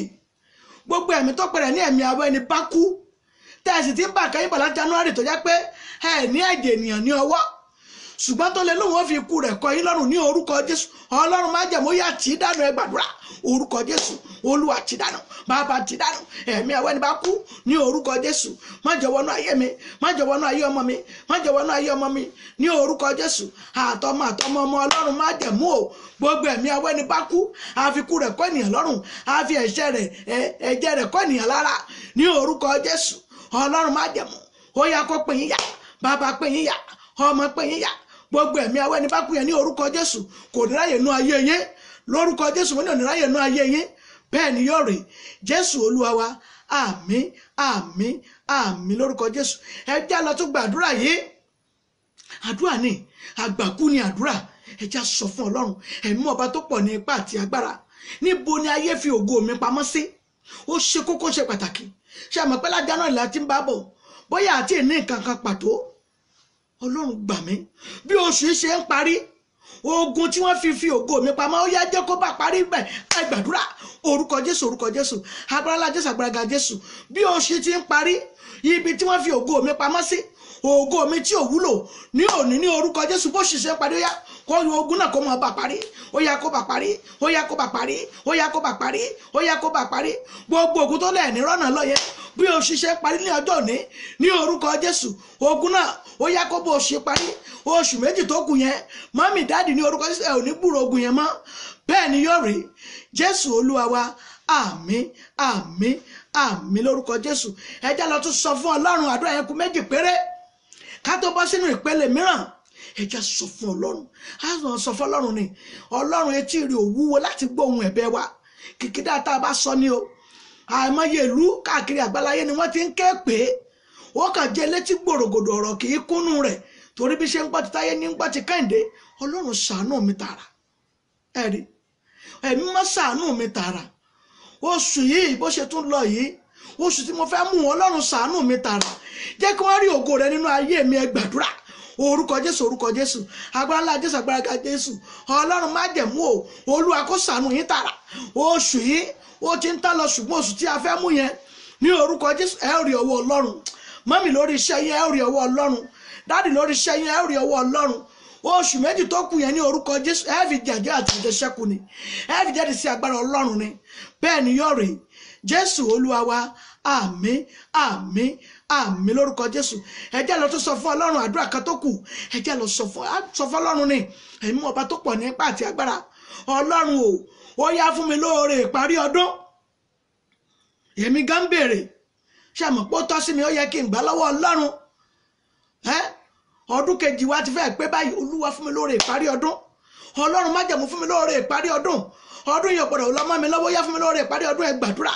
gbogbo ẹ̀mí tó pẹ̀rẹ̀ ní ẹ̀mí awẹ́ni bá kú tẹ̀sí tí ń bà kẹ́yìn lájà náà tó jẹ́ pé ẹ̀ ní ẹ̀jẹ̀ ènìyàn ní ọwọ́ ṣùgbọ́n tó lè lóun ó fi ikú rẹ̀ kọ yín lọ́rùn ní orúkọ jésù ọlọ́run má jẹ̀mú yá tì í dànù ẹ gbàdúrà orúkọ jésù olúwa tì í dànù bàbá tì í dànù ẹ̀mí àwọn ẹni bá kú ní orúkọ jésù má jẹ́ wọnú ayé mi má jẹ́ wọnú ayé ọmọ mi má jẹ́ wọnú ayé ọmọ mi ní orúkọ jésù àtọmọ àtọmọ ọmọ ọlọ́run má jẹ̀mú o gbogbo ẹ̀mí àwọn ẹni bá kú àfikú rẹ̀ kọ́ ènìyàn lọ́rùn àfi ẹ̀ṣẹ̀ rẹ̀ ẹ̀jẹ̀ rẹ̀ gbogbo ẹ̀mí awẹ́ ní bákùnyẹn ní orúkọ jésù kò ní ráyè nú ayé yín lórúkọ jésù mo ní òní ráyè nú ayé yín bẹ́ẹ̀ ni yóò rí jésù olúwa wa àmín àmín àmín lórúkọ jésù ẹ já lọ tún gbàdúrà yìí àdúrà ni àgbàkú ni àdúrà ẹ já sọ fún ọlọ́run ẹ̀mí ọba tó pọ̀ ní ipá àti agbára níbo ni ayé fi ògo mi pamọ́ sí ó ṣe kókó ṣe pàtàkì ṣe àmọ́ pé lájà náà ìlà ti ń bá bọ̀ bóyá àti ìní nǹkan kan pàtó ọlọ́run gbà mí bí oṣù yìí ṣe ń parí ogun tí wọ́n fi fi ògo mi pamọ́ ó yá jẹ́ kó bá parí gbẹ̀ ẹ gbàdúrà orúkọ jésù orúkọ jésù agbára jésù agbára jésù bí oṣù yìí ti ń parí ibi tí wọ́n fi ògo mi pamọ́ sí ògo mi tí ò wúlò ní òní ní orúkọ jésù bó ṣiṣẹ́ parí ó yá kó ogun náà kó máa bà parí ó yá kó bà parí ó yá kó bà parí ó yá kó bà parí ó yá kó bà parí gbogbo ogun tó lẹ̀ ní rọ́nà lọ́yẹ bí o ṣiṣẹ́ parí ní ọjọ́ òní ní orúkọ Jésù ogun náà ó yá kó bó o ṣe parí oṣù méjì tó kù yẹn mọ́mì dáàdì ní orúkọ Jésù ẹ̀ ò ní gbúrò ogun yẹn mọ́ bẹ́ẹ̀ ni yóò rí Jésù Olúwa wa àmín àmín àmín lórúkọ Jésù ẹ já lọ tún sọ fún Ọlọ́run àdúrà yẹn kù méjì péré ká tó bọ́ sínú ìpele mìíràn ẹja sọ fún ọlọ́run a sọ fún ọlọ́run ni ọlọ́run etí rẹ̀ ò wúwo láti gbọ́ ohùn ẹ̀bẹ̀ wa kìkìdá tá a bá sọ ni o àìmọye ìlú káàkiri àgbáláyé ni wọ́n ti ń ké pé ó kàn jẹ́ létí gbòrògòdò ọ̀rọ̀ kì í kúnnú rẹ̀ torí bí ṣe ń gbọ́ ti táyé ní ń gbọ́ ti kẹ́hìndé ọlọ́run ṣàánú mi tààrà ẹ̀rí ẹ̀mí mọ́ ṣàánú mi tààrà oṣù yìí bó ṣe tún lọ yìí oṣù tí mo fẹ́ mú ọlọ́run ṣàánú mi tààrà jẹ́ kí wọ́n rí ògo rẹ nínú ayé mi ẹ orúkọ jésù orúkọ jésù agbára ńlá jésù agbára ga jésù ọlọ́run má jẹ̀mú o olúwa kó ṣàánú yín tààrà oṣù yìí ó ti ń tán lọ ṣùgbọ́n oṣù tí a fẹ́ mú yẹn ní orúkọ jésù ẹ rí ọwọ́ ọlọ́run mọ́mì lórí iṣẹ́ yín ẹ rí ọwọ́ ọlọ́run dáàdì lórí iṣẹ́ yín ẹ rí ọwọ́ ọlọ́run oṣù méjì tó kù yẹn ní orúkọ jésù ẹ fi jàjẹ́ àti ìjẹsẹ́kù ni ẹ fi jáde sí agbára ọlọ́run ni bẹ́ẹ̀ ni yóò jésù olúwa wa àmín àmín àmì lórúkọ jésù ẹ jẹ́ lọ tún sọ fún ọlọ́run àdúrà kan tó kù ẹ jẹ́ lọ sọ fún ọlọ́run ni ẹ̀mí ọba tó pọ̀ nípa àti agbára ọlọ́run o ó yá fún mi lóore ìparí ọdún èmi gan béèrè ṣàmọ̀ pé ó tọ́ sí mi ó yẹ kí n gbà lọ́wọ́ ọlọ́run ọdún kejì wa ti fẹ́ pé báyìí olúwa fún mi lóore ìparí ọdún ọlọ́run má jẹ̀mú fún mi lóore ìparí ọdún ọdún yìí ọ̀gbọ́dọ̀ lọ́mọ mi lọ́wọ́ yá fún mi lórí ìparí ọdún ẹ gbàdúrà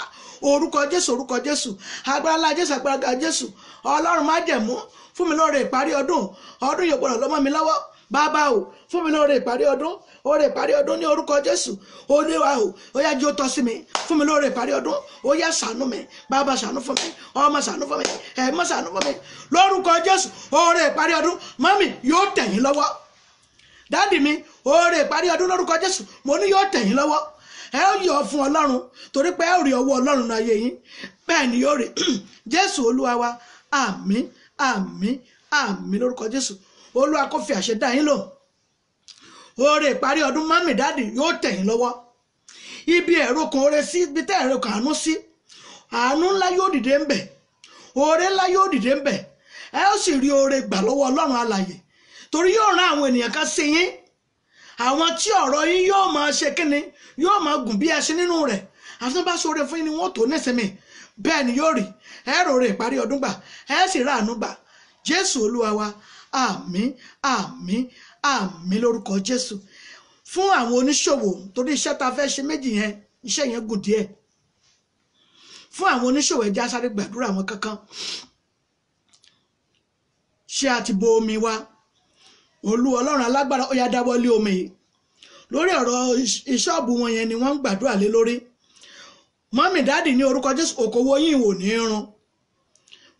orúkọ jésù orúkọ jésù agbára jésù agbára jésù ọlọ́run má jẹ̀mú fún mi lórí ìparí ọdún ọdún yìí ọ̀gbọ́dọ̀ lọ́mọ mi lọ́wọ́ bàbá o fún mi lórí ìparí ọdún orí ìparí ọdún ní orúkọ jésù olúwa o ó yá jí ó tọ́ sí mi fún mi lórí ìparí ọdún ó yá ṣàánú mi bàbá ṣàánú fún mi ọmọ ṣàánú fún mi ẹ̀mọ́ ṣàánú fún mi lórúkọ jésù orí ìparí ọdún mọ́mì yóò tẹ̀yìn lọ́wọ́ dáàdì mi oore ìparí ọdún lórúkọ jésù mo ní yóò tẹ̀yìn lọwọ ẹ ó yọ̀ fún ọlọ́run torí pé ẹ ó rí ọwọ́ ọlọ́run náà yé yín bẹ́ẹ̀ ni yóò rí jésù olúwa wa àmín àmín àmín lórúkọ jésù olúwa kò fi àṣẹ dá yín lò oore ìparí ọdún mami dáàdì yóò tẹ̀yìn lọwọ ibi ẹ̀rọ kan oore sí ibi tẹ ẹ̀rọ kan àánú sí àánú ńlá yóò dìde ń bẹ̀ oore ńlá yóò dìde ń bẹ̀ ẹ ó sì rí oore gbà lọ́wọ́ ọlọ́run alàyè torí yóò rán àwọn ènìyàn kan sí yín àwọn tí ọ̀rọ̀ yín yóò máa ṣe kínni yóò máa gùn bí ẹṣin nínú rẹ̀ àti tó bá ṣoore fún yín ni wọ́n tó nísìmí bẹ́ẹ̀ ni yóò rí ẹ rọrẹ ìparí ọdún gbà ẹ sì ráàánú gbà jésù olúwa wa àmín àmín àmín lórúkọ jésù fún àwọn oníṣòwò torí iṣẹ́ tá a fẹ́ ṣe méjì yẹn iṣẹ́ yẹn gùn díẹ̀ fún àwọn oníṣòwò ẹja sáré gbàdúrà wọn kankan ṣé a ti bo omi wa olú ọlọ́run alágbára ó yá dáwọ́ lé omi yìí lórí ọ̀rọ̀ ìṣọ́ọ̀bù wọn yẹn ni wọ́n ń gbàdúrà lé lórí mọ́mì dáàdì ní orúkọ jésù òkòwò yìí ò ní run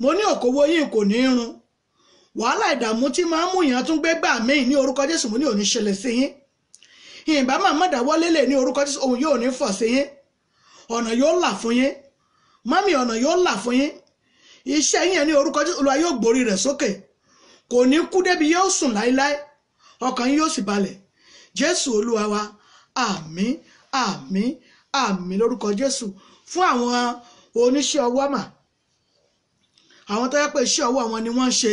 mo ní òkòwò yìí kò ní run wàhálà ìdààmú tí máa ń mú yàn tún gbé gbà míì ní orúkọ jésù mo ní òní ṣẹlẹ̀ sí yín ìyìnbá máa má dáwọ́ lélẹ̀ ní orúkọ jésù òun yóò ní fọ̀ sí yín ọ̀nà yóò là fún yín mọ́mì ọ̀nà yóò là fún yín iṣẹ́ yín ní orúkọ jésù olúwa yóò gbórí rẹ̀ sókè. Okay kò ní kú débi yóò sùn láéláé ọkàn yóò sì balẹ̀ jésù olúwa wa àmín àmín àmín lórúkọ jésù fún àwọn oníṣẹ́ ọwọ́ mà àwọn tó yẹ pé iṣẹ́ ọwọ́ wọn ni wọ́n ń ṣe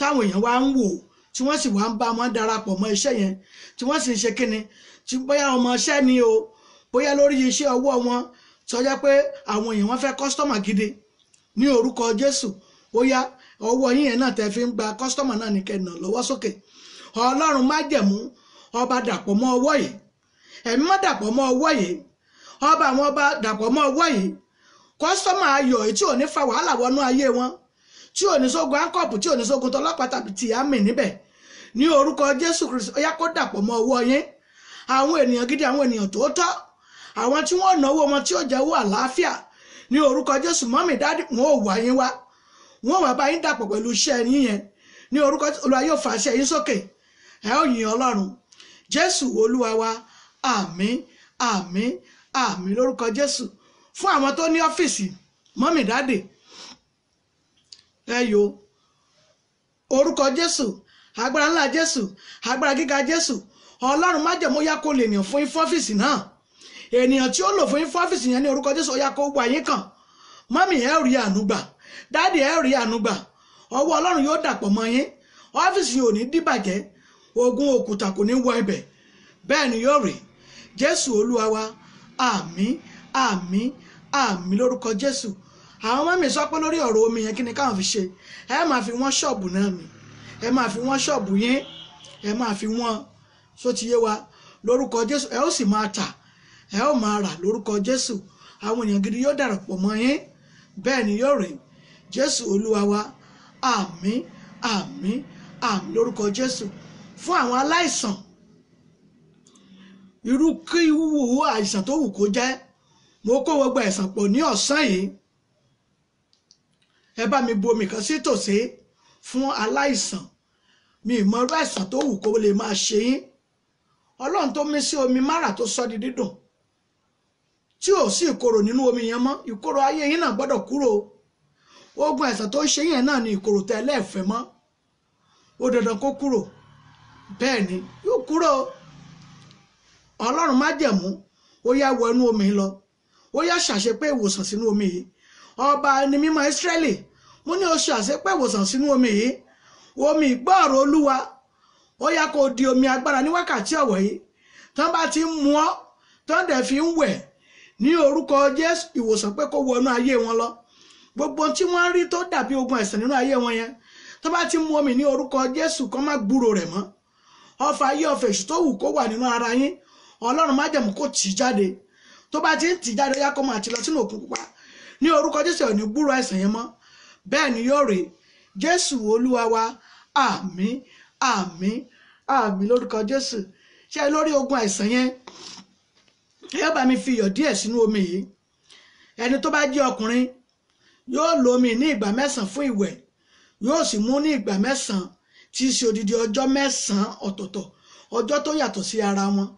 táwọn èèyàn wá ń wò tí wọ́n sì wá ń bá wọn darapọ̀ mọ́ iṣẹ́ yẹn tí wọ́n sì ń ṣe kíni tí bóyá ọmọ ni o bóyá lórí iṣẹ́ ọwọ́ wọn tó yẹ pé àwọn èèyàn wọn fẹ́ kọ́sítọ́mà gidi ní orúkọ jésù ó ọwọ́ yín yẹn náà tẹ́ fi ń gba kọ́sítọ́mà náà ní kẹ́nà lọ́wọ́ sókè ọlọ́run má jẹ̀mú ọba dàpọ̀ mọ́ ọwọ́ yìí ẹ̀mí má dàpọ̀ mọ́ ọwọ́ yìí ọba àwọn ọba dàpọ̀ mọ́ ọwọ́ yìí kọ́sítọ́mà ayọ̀ tí ò ní fa wàhálà wọnú ayé wọn tí ò ní sógun akọ́pù tí ò ní sógun tọlọ́pàá tàbí tìyámì níbẹ̀ ní orúkọ Jésù Kristi ó yá kó dàpọ̀ mọ́ ọwọ́ yín àwọn ènìyàn gidi àwọn ènìyàn tòótọ́ àwọn tí wọ́n náwó wọn tí ó jẹ́wọ́ àlàáfíà ní orúkọ Jésù mọ́mì dádì wọn ò wá yín wá wọ́n wà bá yín dàpọ̀ pẹ̀lú iṣẹ́ yín yẹn ní orúkọ Olúwa yóò fà iṣẹ́ yín sókè ẹ ó yìn Ọlọ́run Jésù Olúwa wa àmín àmín àmín lórúkọ Jésù fún àwọn tó ní ọ́fíìsì mọ́mì ẹ yo orúkọ Jésù agbára ńlá Jésù agbára gíga Jésù Ọlọ́run májẹ̀mú yá kó lè yàn fún yín fún ọ́fíìsì náà ènìyàn tí ó lò fún yín fún ọ́fíìsì yẹn ní orúkọ Jésù ó yá kó wà yín kàn mọ́mì ẹ rí àánú gbà dáàdì ẹ̀ rí ànúgbà ọwọ́ ọlọ́run yóò dàpọ̀ mọ́ yín ọ́fíìsì yóò ní dìbàjẹ́ ogun òkúta kò ní wọ ibẹ̀ bẹ́ẹ̀ ni yóò rí jésù olúwa wa àmín àmín àmín lórúkọ jésù àwọn ọmọ mi sọ pé lórí ọ̀rọ̀ omi yẹn kí ni káwọn fi ṣe ẹ máa fi wọ́n ṣọ́ọ̀bù náà mi ẹ máa fi wọ́n ṣọ́ọ̀bù yín ẹ máa fi wọ́n só ti yé wa lórúkọ jésù ẹ ó sì máa tà ẹ ó máa rà lórúkọ jésù àwọn èèyàn gidi yóò darapọ̀ mọ́ yín bẹ́ẹ̀ ni yóò rìn jésù olúwa wa àmín àmín àmín lórúkọ jésù fún àwọn aláìsàn irú kí wúwo àìsàn tó wù kó jẹ́ mo kó gbogbo àìsàn pọ̀ ní ọ̀sán yìí ẹ bá mi bomi kan sí tòsí fún aláìsàn mi ìmọ̀ irú àìsàn tó wù kó lè máa ṣe yín ọlọ́run tó mí sí omi mara tó sọ di dídùn tí ò sí ìkorò nínú omi yẹn mọ́ ìkorò ayé yín náà gbọ́dọ̀ kúrò o oògùn àìsàn tó ń ṣe yẹn náà ni ìkorò tẹ lẹ́ẹ̀fẹ́ mọ́ ó dandan kó kúrò bẹ́ẹ̀ ni yóò kúrò ọlọ́run má jẹ̀mú ó yá wọ inú omi lọ ó yá ṣàṣepé ìwòsàn sínú omi yìí ọba ni mímọ́ Ísírẹ́lì mo ní o ṣàṣepé ìwòsàn sínú omi yìí omi ìgbọ́ọ̀rọ̀ olúwa ó yá kó di omi agbára ní wákàtí ọ̀wọ̀ yìí tán bá ti ń mu ọ́ tán dẹ̀ fi ń wẹ̀ ní orúkọ Jésù ìwòsàn pé kó wọnú ayé wọn lọ gbogbo tí wọ́n rí tó dàbí ogun ẹ̀sìn nínú ayé wọn yẹn tó bá ti mú omi ní orúkọ jésù kó má gbúrò rẹ̀ mọ́ ọfà ayé ọ̀fẹ́ èṣù tó wù kó wà nínú ara yín ọlọ́run má jẹ̀mú kó tì í jáde tó bá ti ń tì í jáde yá kó máa ti lọ sínú òkun pupa ní orúkọ jésù ò ní gbúrò ẹ̀sìn yẹn mọ́ bẹ́ẹ̀ ni yóò rèé jésù olúwa wa àmín àmín àmín lórúkọ jésù ṣe lórí ogun àìsàn yẹn ẹ bá mi fi iyọ̀ díẹ̀ sínú omi yìí ẹni tó bá jẹ́ ọkùnrin yóò lo omi ní ìgbà mẹ́sàn-án fún ìwẹ̀ yóò sì mú ní ìgbà mẹ́sàn-án tí í ṣe odidi ọjọ́ mẹ́sàn-án ọ̀tọ̀ọ̀tọ̀ ọjọ́ tó yàtọ̀ sí ara wọn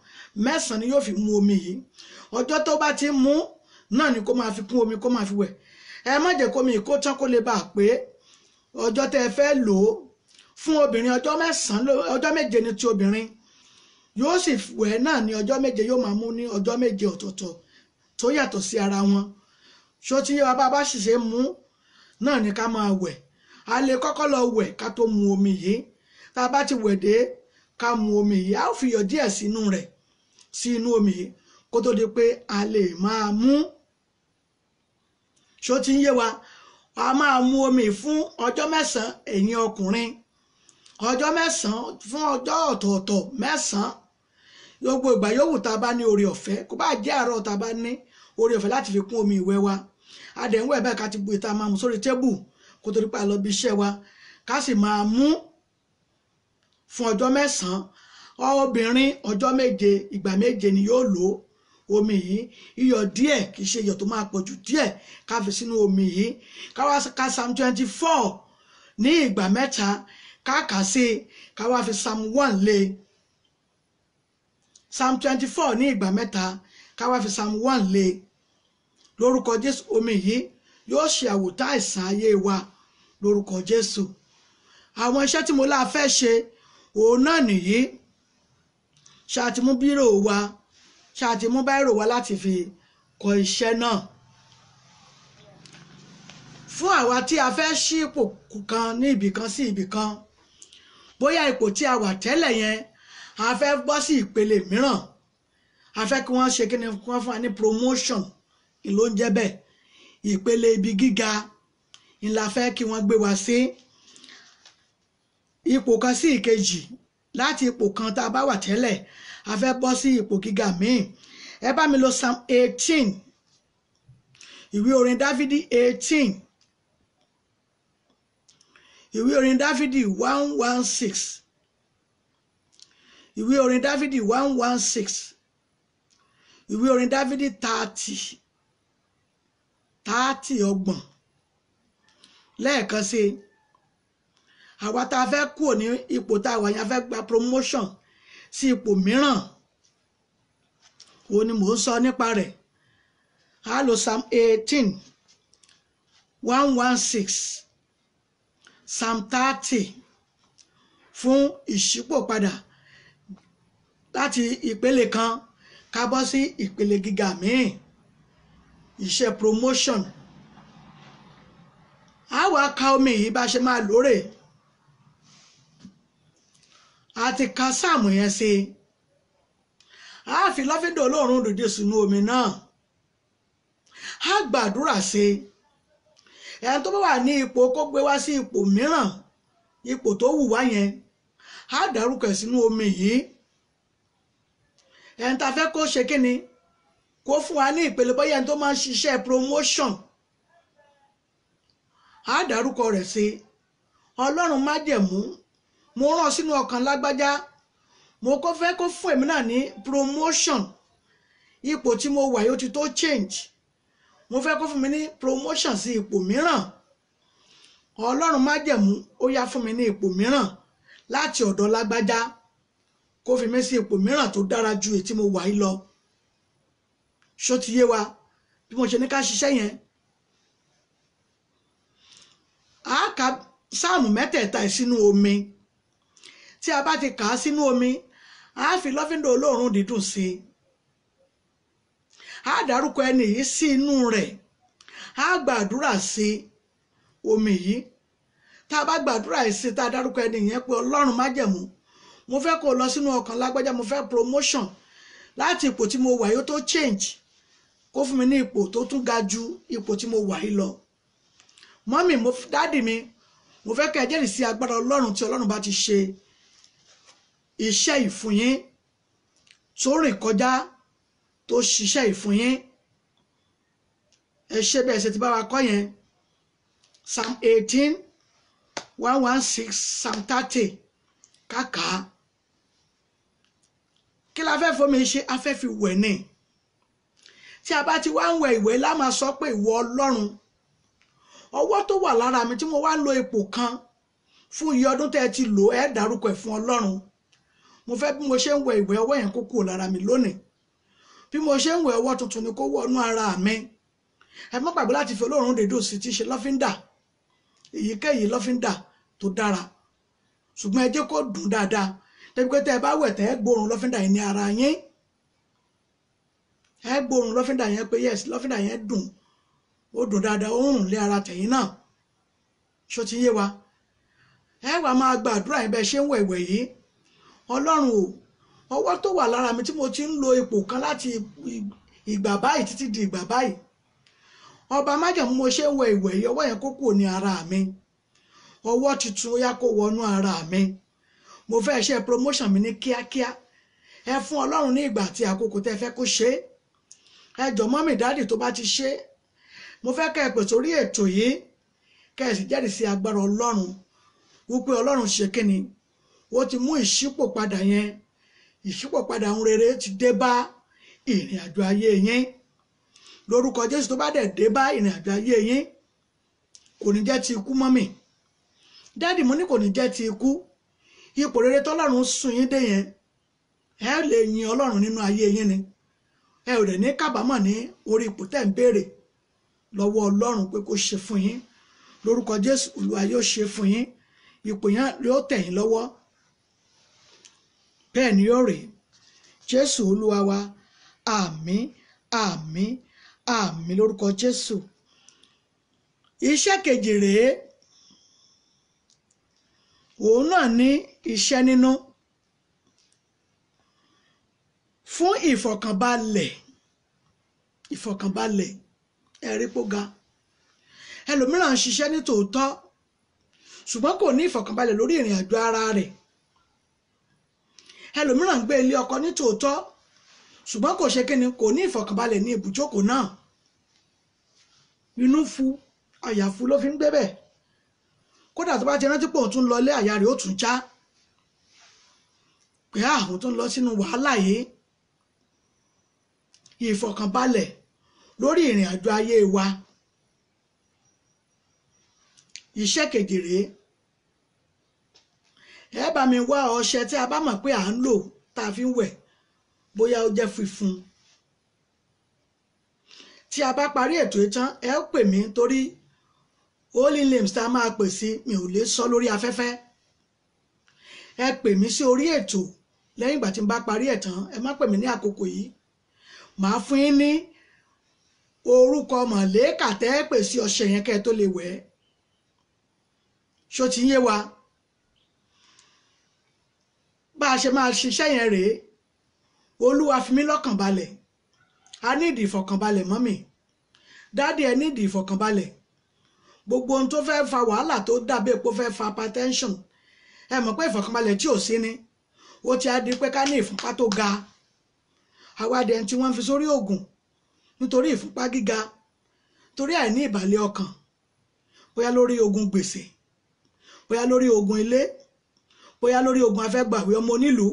mẹ́sàn-án ni yóò fi mu omi yìí ọjọ́ tó bá ti mú náà ni kó máa fi kún omi kó máa fi wẹ̀ ẹ má jẹ́ kómi kó tán kó lè bá a pé ọjọ́ tẹ́ ẹ fẹ́ lò ó fún obìnrin ọjọ́ mẹ́sàn-án ọjọ́ méje ni ti obìnrin yóò sì wẹ̀ náà ní ọjọ́ méje yóò máa mú ní ọjọ́ méje ọ̀tọ̀ọ̀tọ̀ tó yàtọ̀ sí ara wọn ṣó tí bá bá ṣìṣe mú náà ni ká máa wẹ̀ a lè kọ́kọ́ lọ wẹ̀ ká tó mu omi yìí tá a bá ti wẹ̀ dé ká mu omi yìí a ó fi iyọ̀ sínú rẹ̀ sí inú omi yìí kó tó di pé a lè máa mú ṣó tí ń yé wa a máa mu omi fún ọjọ́ mẹ́sàn-án ẹ̀yin ọkùnrin ọjọ́ mẹ́sàn-án fún ọjọ́ ọ̀tọ̀ọ̀tọ̀ mẹ́sàn-án gbogbo ìgbà yòówù tá a bá ní oore ọ̀fẹ́ kó bá jẹ́ àárọ̀ tá bá ní oore ọ̀fẹ́ láti fi kún omi ìwẹ̀ wa adẹ̀wọ̀ ẹ̀ báyìí ká ti bu ìta máa mú sórí tébù kó torí pa lọ bí iṣẹ́ wa ká sì máa mú fún ọjọ́ mẹ́sàn-án obìnrin ọjọ́ méje ìgbà méje ni yóò lò omi yìí iyọ̀ díẹ̀ kì í ṣe iyọ̀ tó máa pọ̀jù díẹ̀ ká fi sínú omi yìí ká wá ká sam twenty four ní ìgbà mẹ́ta ká kà sí ká wá fi sam one lé e. sam twenty four ní ìgbà mẹ́ta ká wá fi sam one lé. E lórúkọ jésù omi yìí yóò ṣe àwòtá àìsàn ayé wa lórúkọ jésù àwọn iṣẹ́ tí mo láà fẹ́ ṣe òun náà nìyí ṣàtìmú wa ṣàtìmú báírò wa láti fi kọ iṣẹ́ náà fún àwa tí a fẹ́ ṣí ipò kan ní ibìkan sí ibìkan bóyá ipò tí a wà tẹ́lẹ̀ yẹn a fẹ́ bọ́ sí ìpele mìíràn a fẹ́ kí wọ́n ṣe kí wọ́n fún wa ní promotion ló ń jẹ́ bẹ́ẹ̀ ìpele ibi gíga ńlá fẹ́ kí wọ́n gbé wa sí ipò kan sí ìkejì láti ipò kan tá a bá wà tẹ́lẹ̀ a fẹ́ bọ́ sí ipò gíga míì ẹ bá mi lò psalm eighteen ìwé orin dáfídì eighteen ìwé orin dáfídì one one six ìwé orin dáfídì one one six ìwé orin dáfídì thirty táàtì ọgbọ̀n lẹ́ẹ̀kan sí i àwa tá a fẹ́ kúrò ní ipò tá a wà yẹn a fẹ́ gba promotion sí ipò mìíràn òun ni mò ń sọ nípa rẹ̀ a lo psalm eighteen one one six psalm thirty fún ìṣípòpadà láti ìpele kan ká bọ́ sí ìpele gíga míì iṣẹ́ promotion a wá ka omi yìí bá ṣe máa lórè a ti ka sáàmù yẹn sí a fi lọ́fíńdà olóòórùn dòde sínú omi náà a gbàdúrà sí ẹni tó bá wà ní ipò kó gbé wá sí ipò mìíràn ipò tó wù wá yẹn a dárúkọ sínú omi yìí ẹni tá a fẹ́ kó ṣe kí ni kó fún wa ní ìpele bóyá ẹni tó máa ń ṣiṣẹ́ promotion á dárúkọ rẹ̀ sí ọlọ́run májẹ̀mú mo rán sínú ọkàn lágbájá mo kọ́ fẹ́ kó fún èmi náà ní promotion ipò tí mo wà yóò ti tó change mo fẹ́ kó fún mi ní promotion sí ipò mìíràn ọlọ́run májẹ̀mú ó yá fún mi ní ipò mìíràn láti ọ̀dọ̀ lágbájá kó fi mí sí ipò mìíràn tó dára ju èyí mo wà yìí lọ ṣó ti yé wa bí mo ṣe ní ká ṣiṣẹ́ yẹn a kà sáàmù mẹ́tẹ̀ẹ̀ta sínú omi tí a bá ti kà á sínú omi a fi lọ́fíńdà olóòórùn dídùn sí i a dárúkọ ẹni yìí sí inú rẹ̀ a gbàdúrà sí omi yìí tá a bá gbàdúrà yìí sí tá a dárúkọ ẹni yẹn pé ọlọ́run májẹ̀mú mo fẹ́ kó o lọ sínú ọkàn lágbájá mo fẹ́ promotion láti ipò tí mo wà yóò tó change kó fún mi ní ipò tó tún ga ju ipò tí mo wà yìí lọ mọ́mì mo dáàdì mi mo fẹ́ kẹ́ ẹ jẹ́rìí sí agbára ọlọ́run tí ọlọ́run bá ti ṣe iṣẹ́ ìfúnyín tó rìn kọjá tó ṣiṣẹ́ ìfúnyín ẹ ṣe bẹ́ẹ̀ ṣe ti bá wa kọ́ yẹn psalm eighteen one one six psalm thirty kàkà kí la fẹ́ fomi ṣe afẹ́ wẹ̀ ni tí a bá ti wá ń wẹ ìwé la máa sọ pé ìwọ ọlọ́run ọwọ́ tó wà lára mi tí mo wá ń lo ipò kan fún iye ọdún tẹ́ ẹ ti lò ẹ́ dárúkọ ẹ̀ fún ọlọ́run mo fẹ́ bí mo ṣe ń wẹ ìwé ọwọ́ yẹn kó kúrò lára mi lónìí bí mo ṣe ń wẹ ọwọ́ tuntun ni kó wọnú ara mi ẹ má gbàgbé láti fi olóòórùn dèédò sí ti ṣe lọ́fíńdà èyíkéyìí lọ́fíńdà tó dára ṣùgbọ́n ẹ jẹ́ kó dùn dáadáa tẹ́bí pé tẹ́ ẹ bá wẹ̀ tẹ́ ẹ gbóòórùn lọ́fíńdà yìí ní ara yín ẹ gbóòórùn lọ́fíńdà yẹn pé yes lọ́fíńdà yẹn dùn ó dùn dáadáa ó rùn lé ara tẹ̀yìn náà ṣó ti yé wa ẹ wàá máa gbàdúrà yín bẹ́ẹ̀ ṣe ń wẹ̀wẹ̀ yìí ọlọ́run o ọwọ́ tó wà lára mi tí mo ti ń lo ipò kan láti ìgbà báyìí títí di ìgbà báyìí ọba májẹ̀mú mo ṣe ń wẹ ìwẹ̀ yìí ọwọ́ yẹn kó kúrò ní ara mi ọwọ́ tuntun ó yá kó wọnú ara mi mo fẹ́ ṣe promotion mi ní kíákíá ẹ fún ọlọ́run ní ìgbà àti àkókò tẹ́ fẹ́ kó ṣe é ẹ jọ̀ọ́ mọ́mì dáàdì tó bá ti ṣe mo fẹ́ kẹ́ ẹ pè sórí ètò yìí kẹ́ ẹ sì jẹ́rìí sí agbára ọlọ́run wípé ọlọ́run ṣe kíni ó ti mú ìṣípòpadà yẹn ìṣípòpadà ń rere ti dé bá ìrìn àjò ayé yín lórúkọ jésù tó bá dẹ̀ dé bá ìrìn àjò ayé yín kò ní jẹ́ ti ikú mọ́mì dáàdì mo ní kò ní jẹ́ ti ikú ipò rere tọ́lọ́run sùn yín dé yẹn ẹ lè yin ọlọ́run nínú ayé yín ni ẹ ò rẹ̀ ní kábàámọ̀ ní orí ipò tẹ́ ń béèrè lọ́wọ́ ọlọ́run pé kó ṣe fún yín lórúkọ jésù olúwa yóò ṣe fún yín ipò yẹn yóò tẹ̀ yín lọ́wọ́ bẹ́ẹ̀ ni yóò rèé jésù olúwa wa àmín àmín àmín lórúkọ jésù iṣẹ́ kejì rèé òun náà ní iṣẹ́ nínú. No? fún ìfọ̀kànbalẹ̀ ìfọ̀kànbalẹ̀ ẹ̀rí póga ẹlòmíràn ṣiṣẹ ní tòótọ́ ṣùgbọ́n kò ní ìfọ̀kànbalẹ̀ lórí ìrìn àjò ara rẹ ẹlòmíràn gbé ilé ọkọ ní tòótọ́ ṣùgbọ́n kò ṣe kíni kò ní ìfọ̀kànbalẹ̀ ní ibùjókòó náà inú fu àyàfu ló fi ń gbé bẹ́ẹ̀ kódà tó bá ti rántí pé òun tún lọ lé àyà rẹ̀ ó tún já pé àwọn tó ń lọ sínú wàhálà yìí ìfọ̀kànbalẹ̀ lórí ìrìn àjò ayé wa iṣẹ́ kejì rèé ẹ bá mi wá ọṣẹ tí a bá mọ̀ pé à ń lò tá a fi ń wẹ̀ bóyá ó jẹ́ funfun tí a bá parí ètò ìtàn ẹ pè mí torí holy limbs tá a máa pè sí mi ò lè sọ lórí afẹ́fẹ́ ẹ pè mí sí orí ètò lẹ́yìn ìgbà tí n bá parí ẹ̀ tán ẹ má pè mí ní àkókò yìí màá fún yín ní orúkọ mọ̀lẹ́kà tẹ́ ẹ pè sí ọṣẹ yẹn kẹ́ ẹ tó lè wẹ̀ ẹ́ ṣó ti yé wa bá a ṣe máa ṣiṣẹ́ yẹn rèé olúwa fi mí lọ́kàn balẹ̀ a ní ìdí ìfọ̀kànbalẹ̀ mọ́mì dáàdì ẹ ní ìdí ìfọ̀kànbalẹ̀ gbogbo ohun tó fẹ́ẹ́ fa wàhálà tó dàbí epo fẹ́ẹ́ fa hypertension ẹ mọ̀ pé ìfọ̀kànbalẹ̀ tí ò sí ni ó ti á di pé ká ní ìfúnpá tó ga àwádìí ẹni tí wọ́n ń fi sórí oògùn nítorí ìfúnpá gíga torí àìní ìbàlẹ̀ ọkàn bóyá lórí ogun gbèsè bóyá lórí ogun ilé bóyá lórí ogun afẹ́gbàwé ọmọ onílùú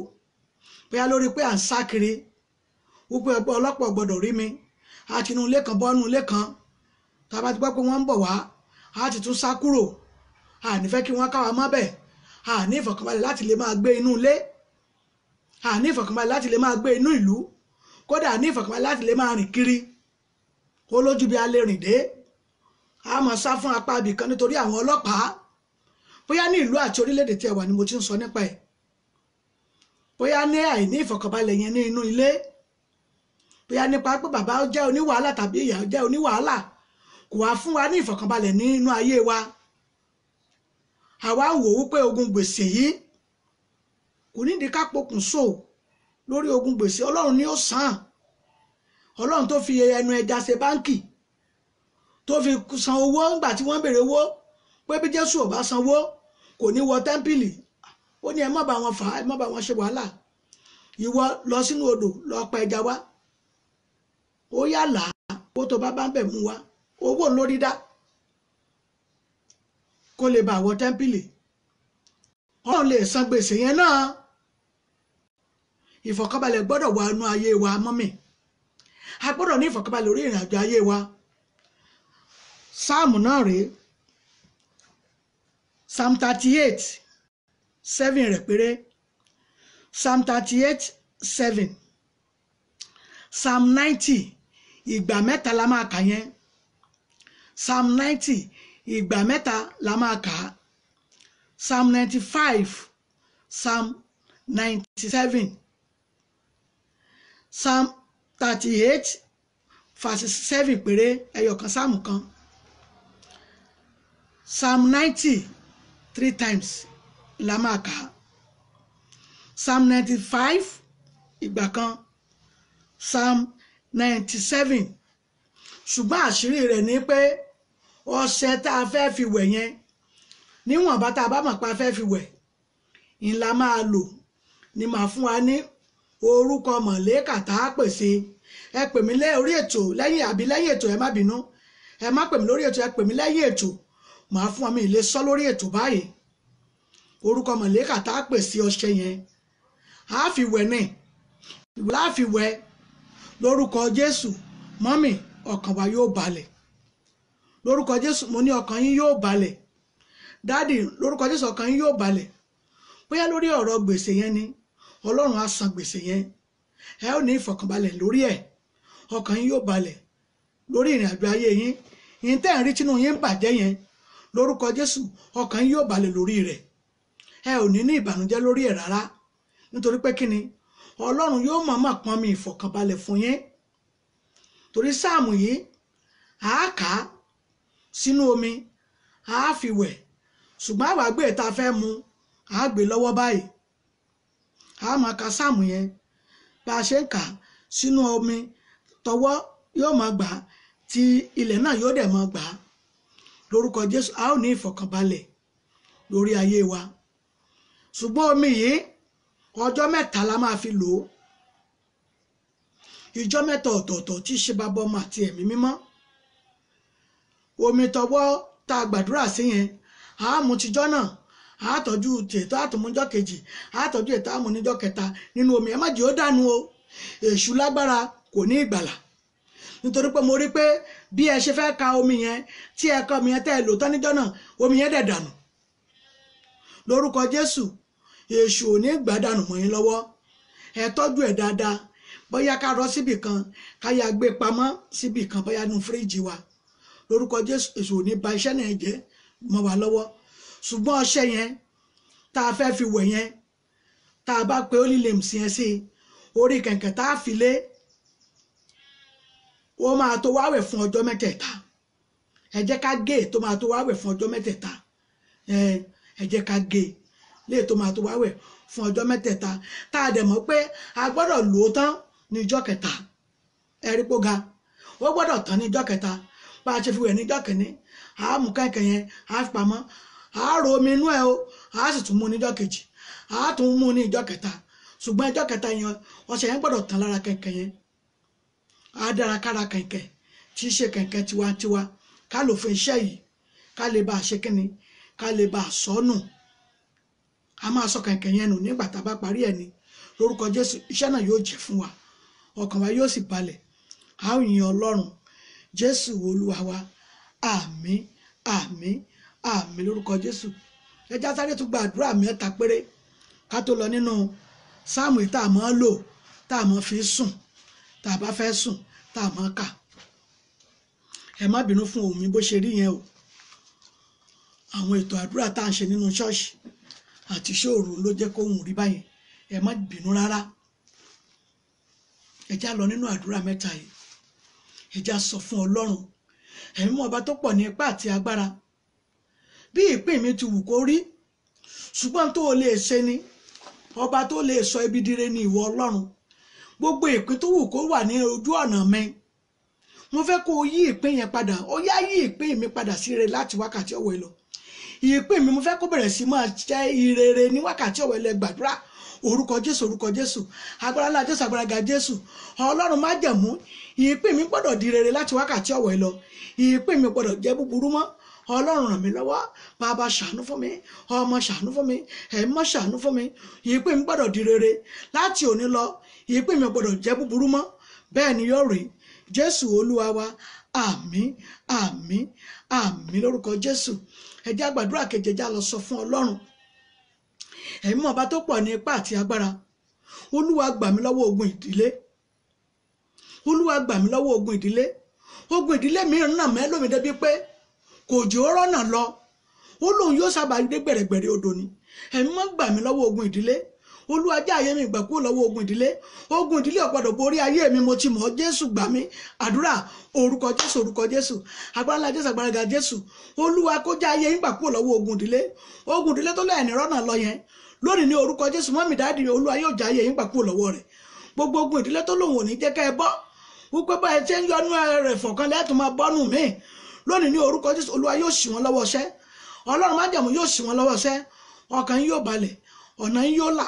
bóyá lórí pé à ń sá kiri wípé ọlọ́pàá gbọ́dọ̀ rí mi àtinú ilé kan bọ́nú ilé kan tàbá ti gbọ́ pé wọ́n ń bọ̀ wá a ti tún sá kúrò a ní fẹ́ kí wọ́n káwa mọ́ bẹ̀ a ní ìfọ̀kànbalẹ̀ láti lè máa gbé inú ilé a ní ìfọ̀kànbalẹ̀ láti lè máa gbé inú ìlú kódà ní ìfọ̀kànbalẹ̀ láti lè máa rìn kiri ó lójú bí a lè rìn dé a máa sá fún apá ibì kan nítorí àwọn ọlọ́pàá bóyá ní ìlú àti orílẹ̀-èdè tí ẹ wà ni mo ti ń sọ nípa ẹ̀ bóyá ní àìní ìfọ̀kànbalẹ̀ yẹn ní inú ilé bóyá nípa pé bàbá jẹ́ oníwàhálà tàbí ìyá jẹ́ oníwàhálà kò wá fún wa ní ìfọ̀kànbalẹ̀ ní ayé wa àwa wò ó pé ogun gbèsè yìí kò nídìí ká pokùn so lórí ogun gbèsè ọlọ́run ni ó san ọlọ́run tó fi ẹnu ẹja ṣe báńkì tó fi san owó ńgbà tí wọ́n béèrè owó pé bí jésù ò bá sanwó kò ní wọ tẹ́ḿpìlì ó ní ẹ má bá wọn fà á ẹ má bá wọn ṣe wàhálà ìwọ lọ sínú odò lọ pa ẹja wá ó yàlá owó tó bá bá ń bẹ̀ mú wá owó lórí dá kó lè bá wọ tẹ́ḿpìlì ọlọ́run lè san gbèsè yẹn náà ìfọ̀kànbalẹ̀ gbọ́dọ̀ wà nú ayé wa mọ́mì a gbọ́dọ̀ ní ìfọ̀kànbalẹ̀ orí ìrìn àjò ayé wa sáàmù náà rèé psalm thirty eight seven rẹ̀ péré psalm thirty eight seven psalm ninety ìgbà mẹ́ta la máa kà yẹn psalm ninety ìgbà mẹ́ta la máa kà á psalm ninety five psalm ninety seven psalm thirty eight verse seven péré ẹyọkan psalm kan psalm ninety three times la máa kà psalm ninety five ìgbà kan psalm ninety seven ṣùgbọ́n àṣírí rẹ̀ ni pé ọṣẹ tá a fẹ́ fi wẹ̀ yẹn níwọ̀nba tá a bá mọ̀ pé a fẹ́ fi wẹ̀ ńlá máa lò ní màá fún wa ní orúkọ mọ̀lẹ́kà tá a pèsè ẹ pè mí lé orí ètò lẹ́yìn àbí lẹ́yìn ètò ẹ má bínú ẹ má pè mí lórí ètò ẹ pè mí lẹ́yìn ètò màá fún ọmọ ilé sọ lórí ètò báyìí orúkọ mọ̀lẹ́kà tá a pèsè ọṣẹ yẹn á fi wẹ̀ ní ìwé láàfi wẹ̀ lórúkọ Jésù mọ́mì ọkàn wa yóò balẹ̀ lórúkọ Jésù mo ní ọkàn yín yóò balẹ̀ dáàdì lórúkọ Jésù ọkàn yín yóò balẹ̀ bóyá lórí ọ̀rọ̀ gbèsè yẹn ni ọlọ́run á san gbèsè yẹn ẹ ó ní ìfọ̀kànbalẹ̀ lórí ẹ̀ ọkàn yín yóò balẹ̀ lórí ìrìn àjò ayé yín yín tẹ́ ẹ̀ ń rí tínú yín ń bàjẹ́ yẹn lórúkọ jésù ọkàn yín yóò balẹ̀ lórí rẹ̀ ẹ ò ní ní ìbànújẹ́ lórí ẹ̀ rárá nítorí pé kíni ọlọ́run yóò mọ̀ọ́mọ̀ pọn mi ìfọ̀kànbalẹ̀ fún yín torí sáàmù yìí á kà á sínú omi á àáfiwẹ̀ ṣùgbọ́n àwàgbé tá fẹ́ mu àágbé lọ́wọ́ báyìí a máa ka sáàmù yẹn bá a ṣe ń kà á sínú omi tọwọ́ yóò máa gbà á tí ilẹ̀ náà yóò dẹ̀ máa gbà á lórúkọ Jésù a ó ní ìfọ̀kànbalẹ̀ lórí ayé wa ṣùgbọ́n omi yìí ọjọ́ mẹ́ta la máa fi lò ó ìjọ mẹ́ta ọ̀tọ̀ọ̀tọ̀ tí ṣe bàbá ọmọ àti ẹ̀mí mímọ́ omi tọwọ́ tá a gbàdúrà sí yẹn àá mú tijọ́ náà àtọ́jú ètò àtọ̀mọ́jọ́ kejì àtọ́jú ètò àmọ́níjọ́ kẹta nínú omi ẹ má jẹ́ ó dànù o èṣù lágbára kò ní ìgbàlà nítorí pé mo rí pé bí ẹ ṣe fẹ́ ka omi yẹn tí ẹ ka omi yẹn tẹ́ ẹ lò tán níjọ́ náà omi yẹn dẹ̀ dànù lórúkọ Jésù èṣù ò ní gbà dànù mọ́ yín lọ́wọ́ ẹ tọ́jú ẹ̀ dáadáa bóyá ká rọ síbì kan ká yá gbé pamọ́ síbì kan bóyá nu fíríjì wa lórúkọ Jésù èṣù ò ní ba iṣẹ́ náà jẹ́ mọ́ wa lọ́wọ́ ṣùgbọ́n ọṣẹ yẹn tá a fẹ́ fi wẹ̀ yẹn tá a bá pe holy names yẹn sí orí kẹ̀kẹ́ tá a fi lé ó máa tó wáwẹ̀ fún ọjọ́ mẹ́tẹ̀ẹ̀ta ẹ jẹ́ ká gé tó máa tó wáwẹ̀ fún ọjọ́ mẹ́tẹ̀ẹ̀ta ẹ jẹ́ ká gé lè tó máa tó wáwẹ̀ fún ọjọ́ mẹ́tẹ̀ẹ̀ta tá a dẹ̀ mọ̀ pé a gbọ́dọ̀ lò ó tán níjọ́ kẹta ẹ rí pó ga ó gbọ́dọ̀ tán níjọ́ kẹta bá a ṣe fi wẹ̀ níjọ́ kẹni àá mú kẹ̀kẹ́ yẹn àá fi pamọ́ a rò omi inú ẹ o a sì tún mú ní ìjọ kejì a tún mú ní ìjọ kẹta ṣùgbọ́n ìjọ kẹta yẹn ọṣẹ yẹn gbọ́dọ̀ tán lára kẹ̀kẹ́ yẹn a dára kára kẹ̀kẹ́ tí í ṣe kẹ̀kẹ́ tiwantiwa ká lò fún iṣẹ́ yìí ká lè bá a ṣe kíni ká lè bá a sọnù a máa sọ kẹ̀kẹ́ yẹn nù nígbà tá a bá parí ẹ̀ ni lórúkọ Jésù iṣẹ́ náà yóò jẹ́ fún wa ọkàn wa yóò sì balẹ̀ a ó yin Ọlọ́run Jésù Olúwa wa àmín àmín àmì lórúkọ jésù ẹ já sáré tún gba àdúrà mẹ́ta péré ká tó lọ nínú sáàmù tá a máa lò tá a máa fi sùn tá a bá fẹ́ sùn tá a máa kà ẹ má bínú fún òun mi bó ṣe rí yẹn o àwọn ètò àdúrà tá à ń ṣe nínú ṣọ́ọ̀ṣì àti ṣòro ló jẹ́ kóhùn rí báyìí ẹ má bínú rárá ẹ já lọ nínú àdúrà mẹ́ta yìí ẹ já sọ fún ọlọ́run ẹ̀mí mọ́ ọba tó pọ̀ ní ipá àti agbára bí ìpín mi ti wù kó rí ṣùgbọ́n tó o lè ṣe ni ọba tó lè sọ ibi dire ni ìwọ ọlọ́run gbogbo ìpín tó wù kó wà ní ojú ọ̀nà mi mo fẹ́ kó o yí ìpín yẹn padà ó yá yí ìpín mi padà sí rere láti wákàtí ọ̀wọ̀ ẹ lọ ìpín mi mo fẹ́ kó bẹ̀rẹ̀ sí máa jẹ́ ìrere ní wákàtí ọ̀wọ̀ ẹ lẹ gbàdúrà orúkọ jésù orúkọ jésù agbára ńlá jésù agbára ga jésù ọlọ́run má jẹ̀mú ìpín mi gbọ́dọ̀ di rere láti wákàtí ọ̀wọ̀ ẹ lọ ìpín mi gbọ́dọ̀ jẹ́ búburú mọ́ ọlọ́run ràn mí lọ́wọ́ bàbá ṣàánú fún mi ọmọ ṣàánú fún mi ẹ̀mọ́ ṣàánú fún mi ìpín mi gbọ́dọ̀ di rere láti òní lọ ìpín mi gbọ́dọ̀ jẹ́ búburú mọ́ bẹ́ẹ̀ ni yóò rí jésù olúwa wa àmín àmín àmín lórúkọ jésù ẹ jẹ́ á gbàdúrà keje já lọ sọ fún ọlọ́run ẹ̀mí ọba tó pọ̀ ní ipá àti agbára olúwa gbà mí lọ́wọ́ ogun ìdílé olúwa gbà mí lọ́wọ́ ogun ìdílé ogun ìdílé mìíràn náà mẹ́lòmídẹ́bí pé kò jẹ́ ó rọ́nà lọ ó lóun yóò sábà dé gbẹ̀rẹ̀gbẹ̀rẹ̀ odò ni ẹ̀mí mọ́ gbà mí lọ́wọ́ ogun ìdílé olúwa jẹ́ ayé mi ìgbà kúrò lọ́wọ́ ogun ìdílé ogun ìdílé ọ̀gbọ́dọ̀ borí ayé mi mo ti mọ̀ jésù gbà mí àdúrà orúkọ jésù orúkọ jésù agbára jésù agbára ga jésù olúwa kó jẹ́ ayé ìgbà kúrò lọ́wọ́ ogun ìdílé ogun ìdílé tó lẹ́yìn rọ́nà lọ yẹn lónìí ní orúkọ jésù mọ́mí dáàdì olúwa yóò jẹ́ ayé ìgbà kúrò lọ́wọ́ rẹ̀ gbogbo ogun ìdílé tó lòun ò ní jẹ́ ká ẹ bọ́ wípé báyìí ṣe ń yọnú rẹ̀ fọ̀kan lẹ́tùn máa bọ́nù míì lónìí ní orúkọ jésù olúwa yóò ṣì wọ́n lọ́wọ́ iṣẹ́ ọlọ́run májẹ̀mú yóò ṣì wọ́n lọ́wọ́ iṣẹ́ ọkàn yóò balẹ̀ ọ̀nà yóò là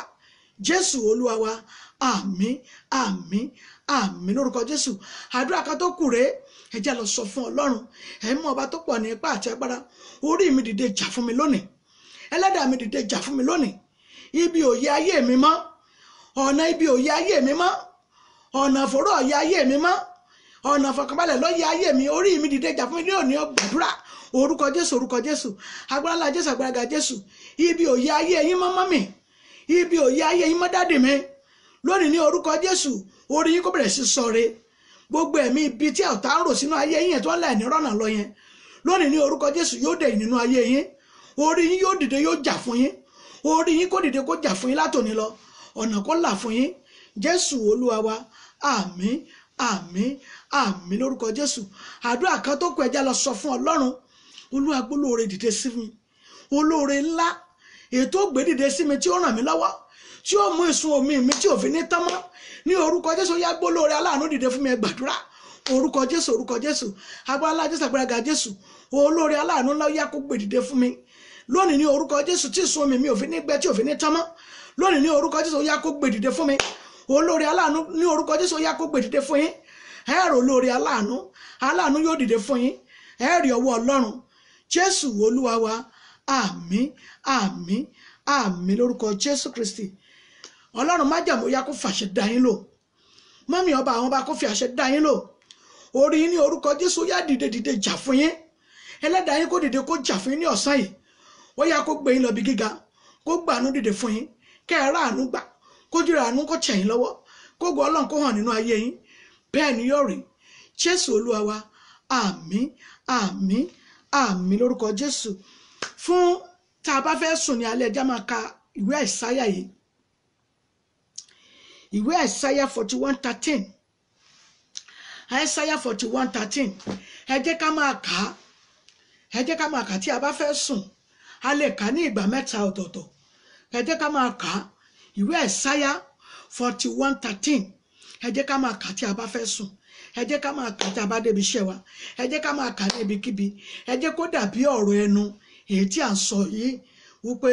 jésù olúwa wa àmín àmín àmín lórúkọ jésù àdúrà kan tó kù rèé ẹ jẹ́ lọ sọ fún ọlọ́run ẹ mú ọba tó pọ̀ ní ipá àti agbára orí mi dìde jà fún mi lónìí ẹlẹ́dàá mi dìde jà fún mi lónìí ibi òye ayé mi mọ́ ọ̀nà ibi òye ayé mi mọ́ ọ̀nà àfòrò òye ayé mi mọ́ ọ̀nà ìfọ̀kànbalẹ̀ ló yẹ ayé mi orí mi dìde jà fún mi ní òní gbàdúrà orúkọ jésù orúkọ jésù agbára ńlá jésù agbára ga jésù ibi òye ayé yín mọ́ mọ́mì ibi òye ayé yín mọ́ dáàdì mi lónìí ní orúkọ jésù orí yín kó bẹ̀rẹ̀ sí sọre gbogbo ẹ̀mí ibi tí ọ̀tá ń rò sínú ayé yín tó ń là ní rọ́nà lọ yẹn lónìí ní orúkọ jésù yóò dẹ̀ nínú ayé yín orí yín yóò dìde yóò jà fún yín orí yín kó dìde kó jà fún yín látòní lọ ọ̀nà kó là fún yín jésù olúwa wa àmín àmín àmín lórúkọ jésù àdúrà kan tó kù ẹja lọ sọ fún ọlọ́run olúwa gbólóore dìde sí mi olóore ńlá ètò ògbé dìde sí mi tí ó ràn mí lọ́wọ́ tí ó mú ìsun omi mi tí òfin ní tán mọ́ ní orúkọ jésù yá gbólóore aláàánú dìde fún mi ẹ gbàdúrà orúkọ jésù orúkọ jésù agbára jésù àgbàlagbà jésù olóore aláàánú ńlá yá kó gbé dìde fún mi lónìí ní orúkọ jésù tí ìsun omi mi òfin ní gbẹ tí òfin ní tán mọ́ lónìí ní orúkọ jésù yá kó gbé dìde fún mi olórí aláàánú ní orúkọ jésù yá kó gbé dìde fún yín ẹ rò olórí aláàánú aláàánú yóò dìde fún yín ẹ rí ọwọ́ ọlọ́run jésù olúwa wa àmín àmín àmín lórúkọ jésù kristi ọlọ́run májàmú yá kó fàṣẹ dá yín lò mọ́mí ọba àwọn ọba kó fi àṣẹ dá yín lò orí ní orúkọ jésù yá dìde dìde jà fún yín ẹlẹ́dàá yín kó dìde kó jà fún yín ní ọ̀sán yìí ó yá kó gbé yín lọ bí gíga kó gbàánú dìde fún yín kẹ́ ẹ ráàánú gbà kódìrà àánú kó tẹ̀ yín lọ́wọ́ kógo ọlọ́run kó hàn nínú ayé yín bẹ́ẹ̀ ni yóò rí jésù olúwa àmì àmín àmín lórúkọ jésù fún tá a bá fẹ́ sùn ní alẹ́ ẹja máa ka ìwé àìsáyà yìí ìwé àìsáyà forty one thirteen àìsáyà forty one thirteen ẹ jẹ́ ká ìwé ẹ̀sáyà forty one thirteen ẹ jẹ́ ká máa kà tí a bá fẹ́ sùn ẹ jẹ́ ká máa kà tí a bá débi iṣẹ́ wa ẹ jẹ́ ká máa kà ní ibikíbi ẹ jẹ́ kó dàbí ọ̀rọ̀ ẹnu èyí tí à ń sọ yìí wípé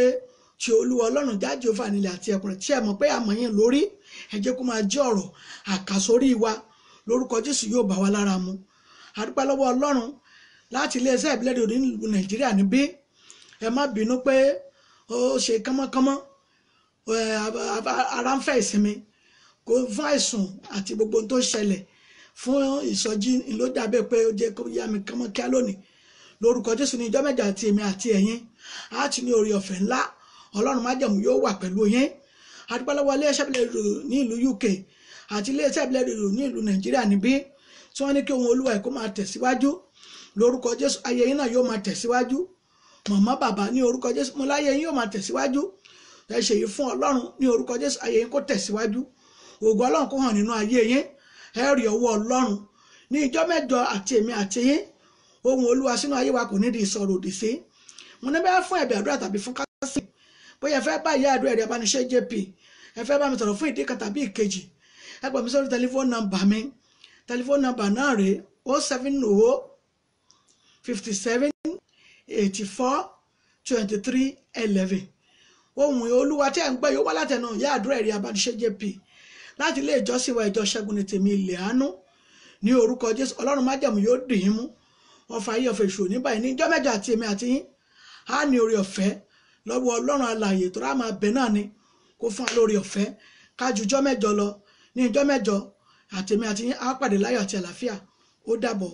tí olúwa ọlọ́run já jehova nílẹ̀ àti ẹ̀kùnrin tí ẹ mọ̀ pé àmọ́ yín lórí ẹ jẹ́ kó máa jẹ́ ọ̀rọ̀ àkàsórí wa lórúkọ jésù yóò bá wa lára mu àdúpẹ́ lọ́wọ́ ọlọ́run láti iléeṣẹ́ ìbílẹ̀ òde nàìjíríà níbí ẹ má bínú pé ó ṣe kánmọ́kánmọ́ ara ń fẹ́ ìsinmi kò ń fa ìsùn àti gbogbo tó ṣẹlẹ̀ fún ìsọjí ló dàbẹ̀ pé ó jẹ́ kó yá mi kọ́mọ́ kíá lónìí lórúkọ jésù ní ìjọ mẹ́jọ àti èmi àti ẹ̀yin á ti ní orí ọ̀fẹ́ ńlá ọlọ́run májẹ̀mú yóò wà pẹ̀lú yín adúpọ́lọ́wọ́ iléeṣẹ́ ìbílẹ̀ rò ní ìlú uk àti iléeṣẹ́ ìbílẹ̀ rò ní ìlú nàìjíríà níbí tí wọ́n ní kí ohun olúwa ẹ̀kọ́ máa tẹ̀síwájú lórúkọ jésù ayé náà yóò máa tẹ̀síwájú màmá bàbá ní orúkọ jésù mo yóò máa tẹ̀síwájú ẹ ṣe yìí fún ọlọ́run ní orúkọ jésù ayé yín kó tẹ̀síwájú ògo ọlọ́run kó hàn nínú ayé yín ẹ rí ọwọ́ ọlọ́run ní ìjọ́ mẹ́jọ àti èmi àti yín ohun olúwa sínú ayé wa kò ní di ìsọ̀rọ̀ òdì sí mo ní bẹ́ẹ̀ fún ẹ̀bẹ̀ àdúrà tàbí fún kásì bóyá ẹ fẹ́ bá ìyá àdúrà ẹ̀rẹ́ abániṣẹ́ jp ẹ fẹ́ bá mi sọ̀rọ̀ fún ìdí kan tàbí ìkejì ẹ pè mí sórí tẹlifóònù nọ́mbà mi tẹlifóònù nọ́mbà náà rèé o oh seven o oh fifty seven eighty four twenty three eleven ohun olúwa tí ẹ̀ ń gbọ́ yóò wá látẹnu ìyá àdúrà ẹ̀rí abádúṣe jp láti ilé ìjọsìn wa ìjọ ṣẹ́gun ní tèmi ilẹ̀ àánú ní orúkọ jésù ọlọ́run májẹ̀mú yóò dì í mú ọfà ayé ọ̀fẹ́ ìṣòro ní báyìí ní ìjọ mẹ́jọ àti èmi àti yín á ní orí ọ̀fẹ́ lọ́wọ́ ọlọ́run alààyè tó ráà máa bẹ̀ náà ni kó fún wa lórí ọ̀fẹ́ kájú ìjọ mẹ́jọ lọ ní ìjọ mẹ́jọ àtèmi àti yín á pàdé láyọ̀ àti àlàáfíà ó dàbọ̀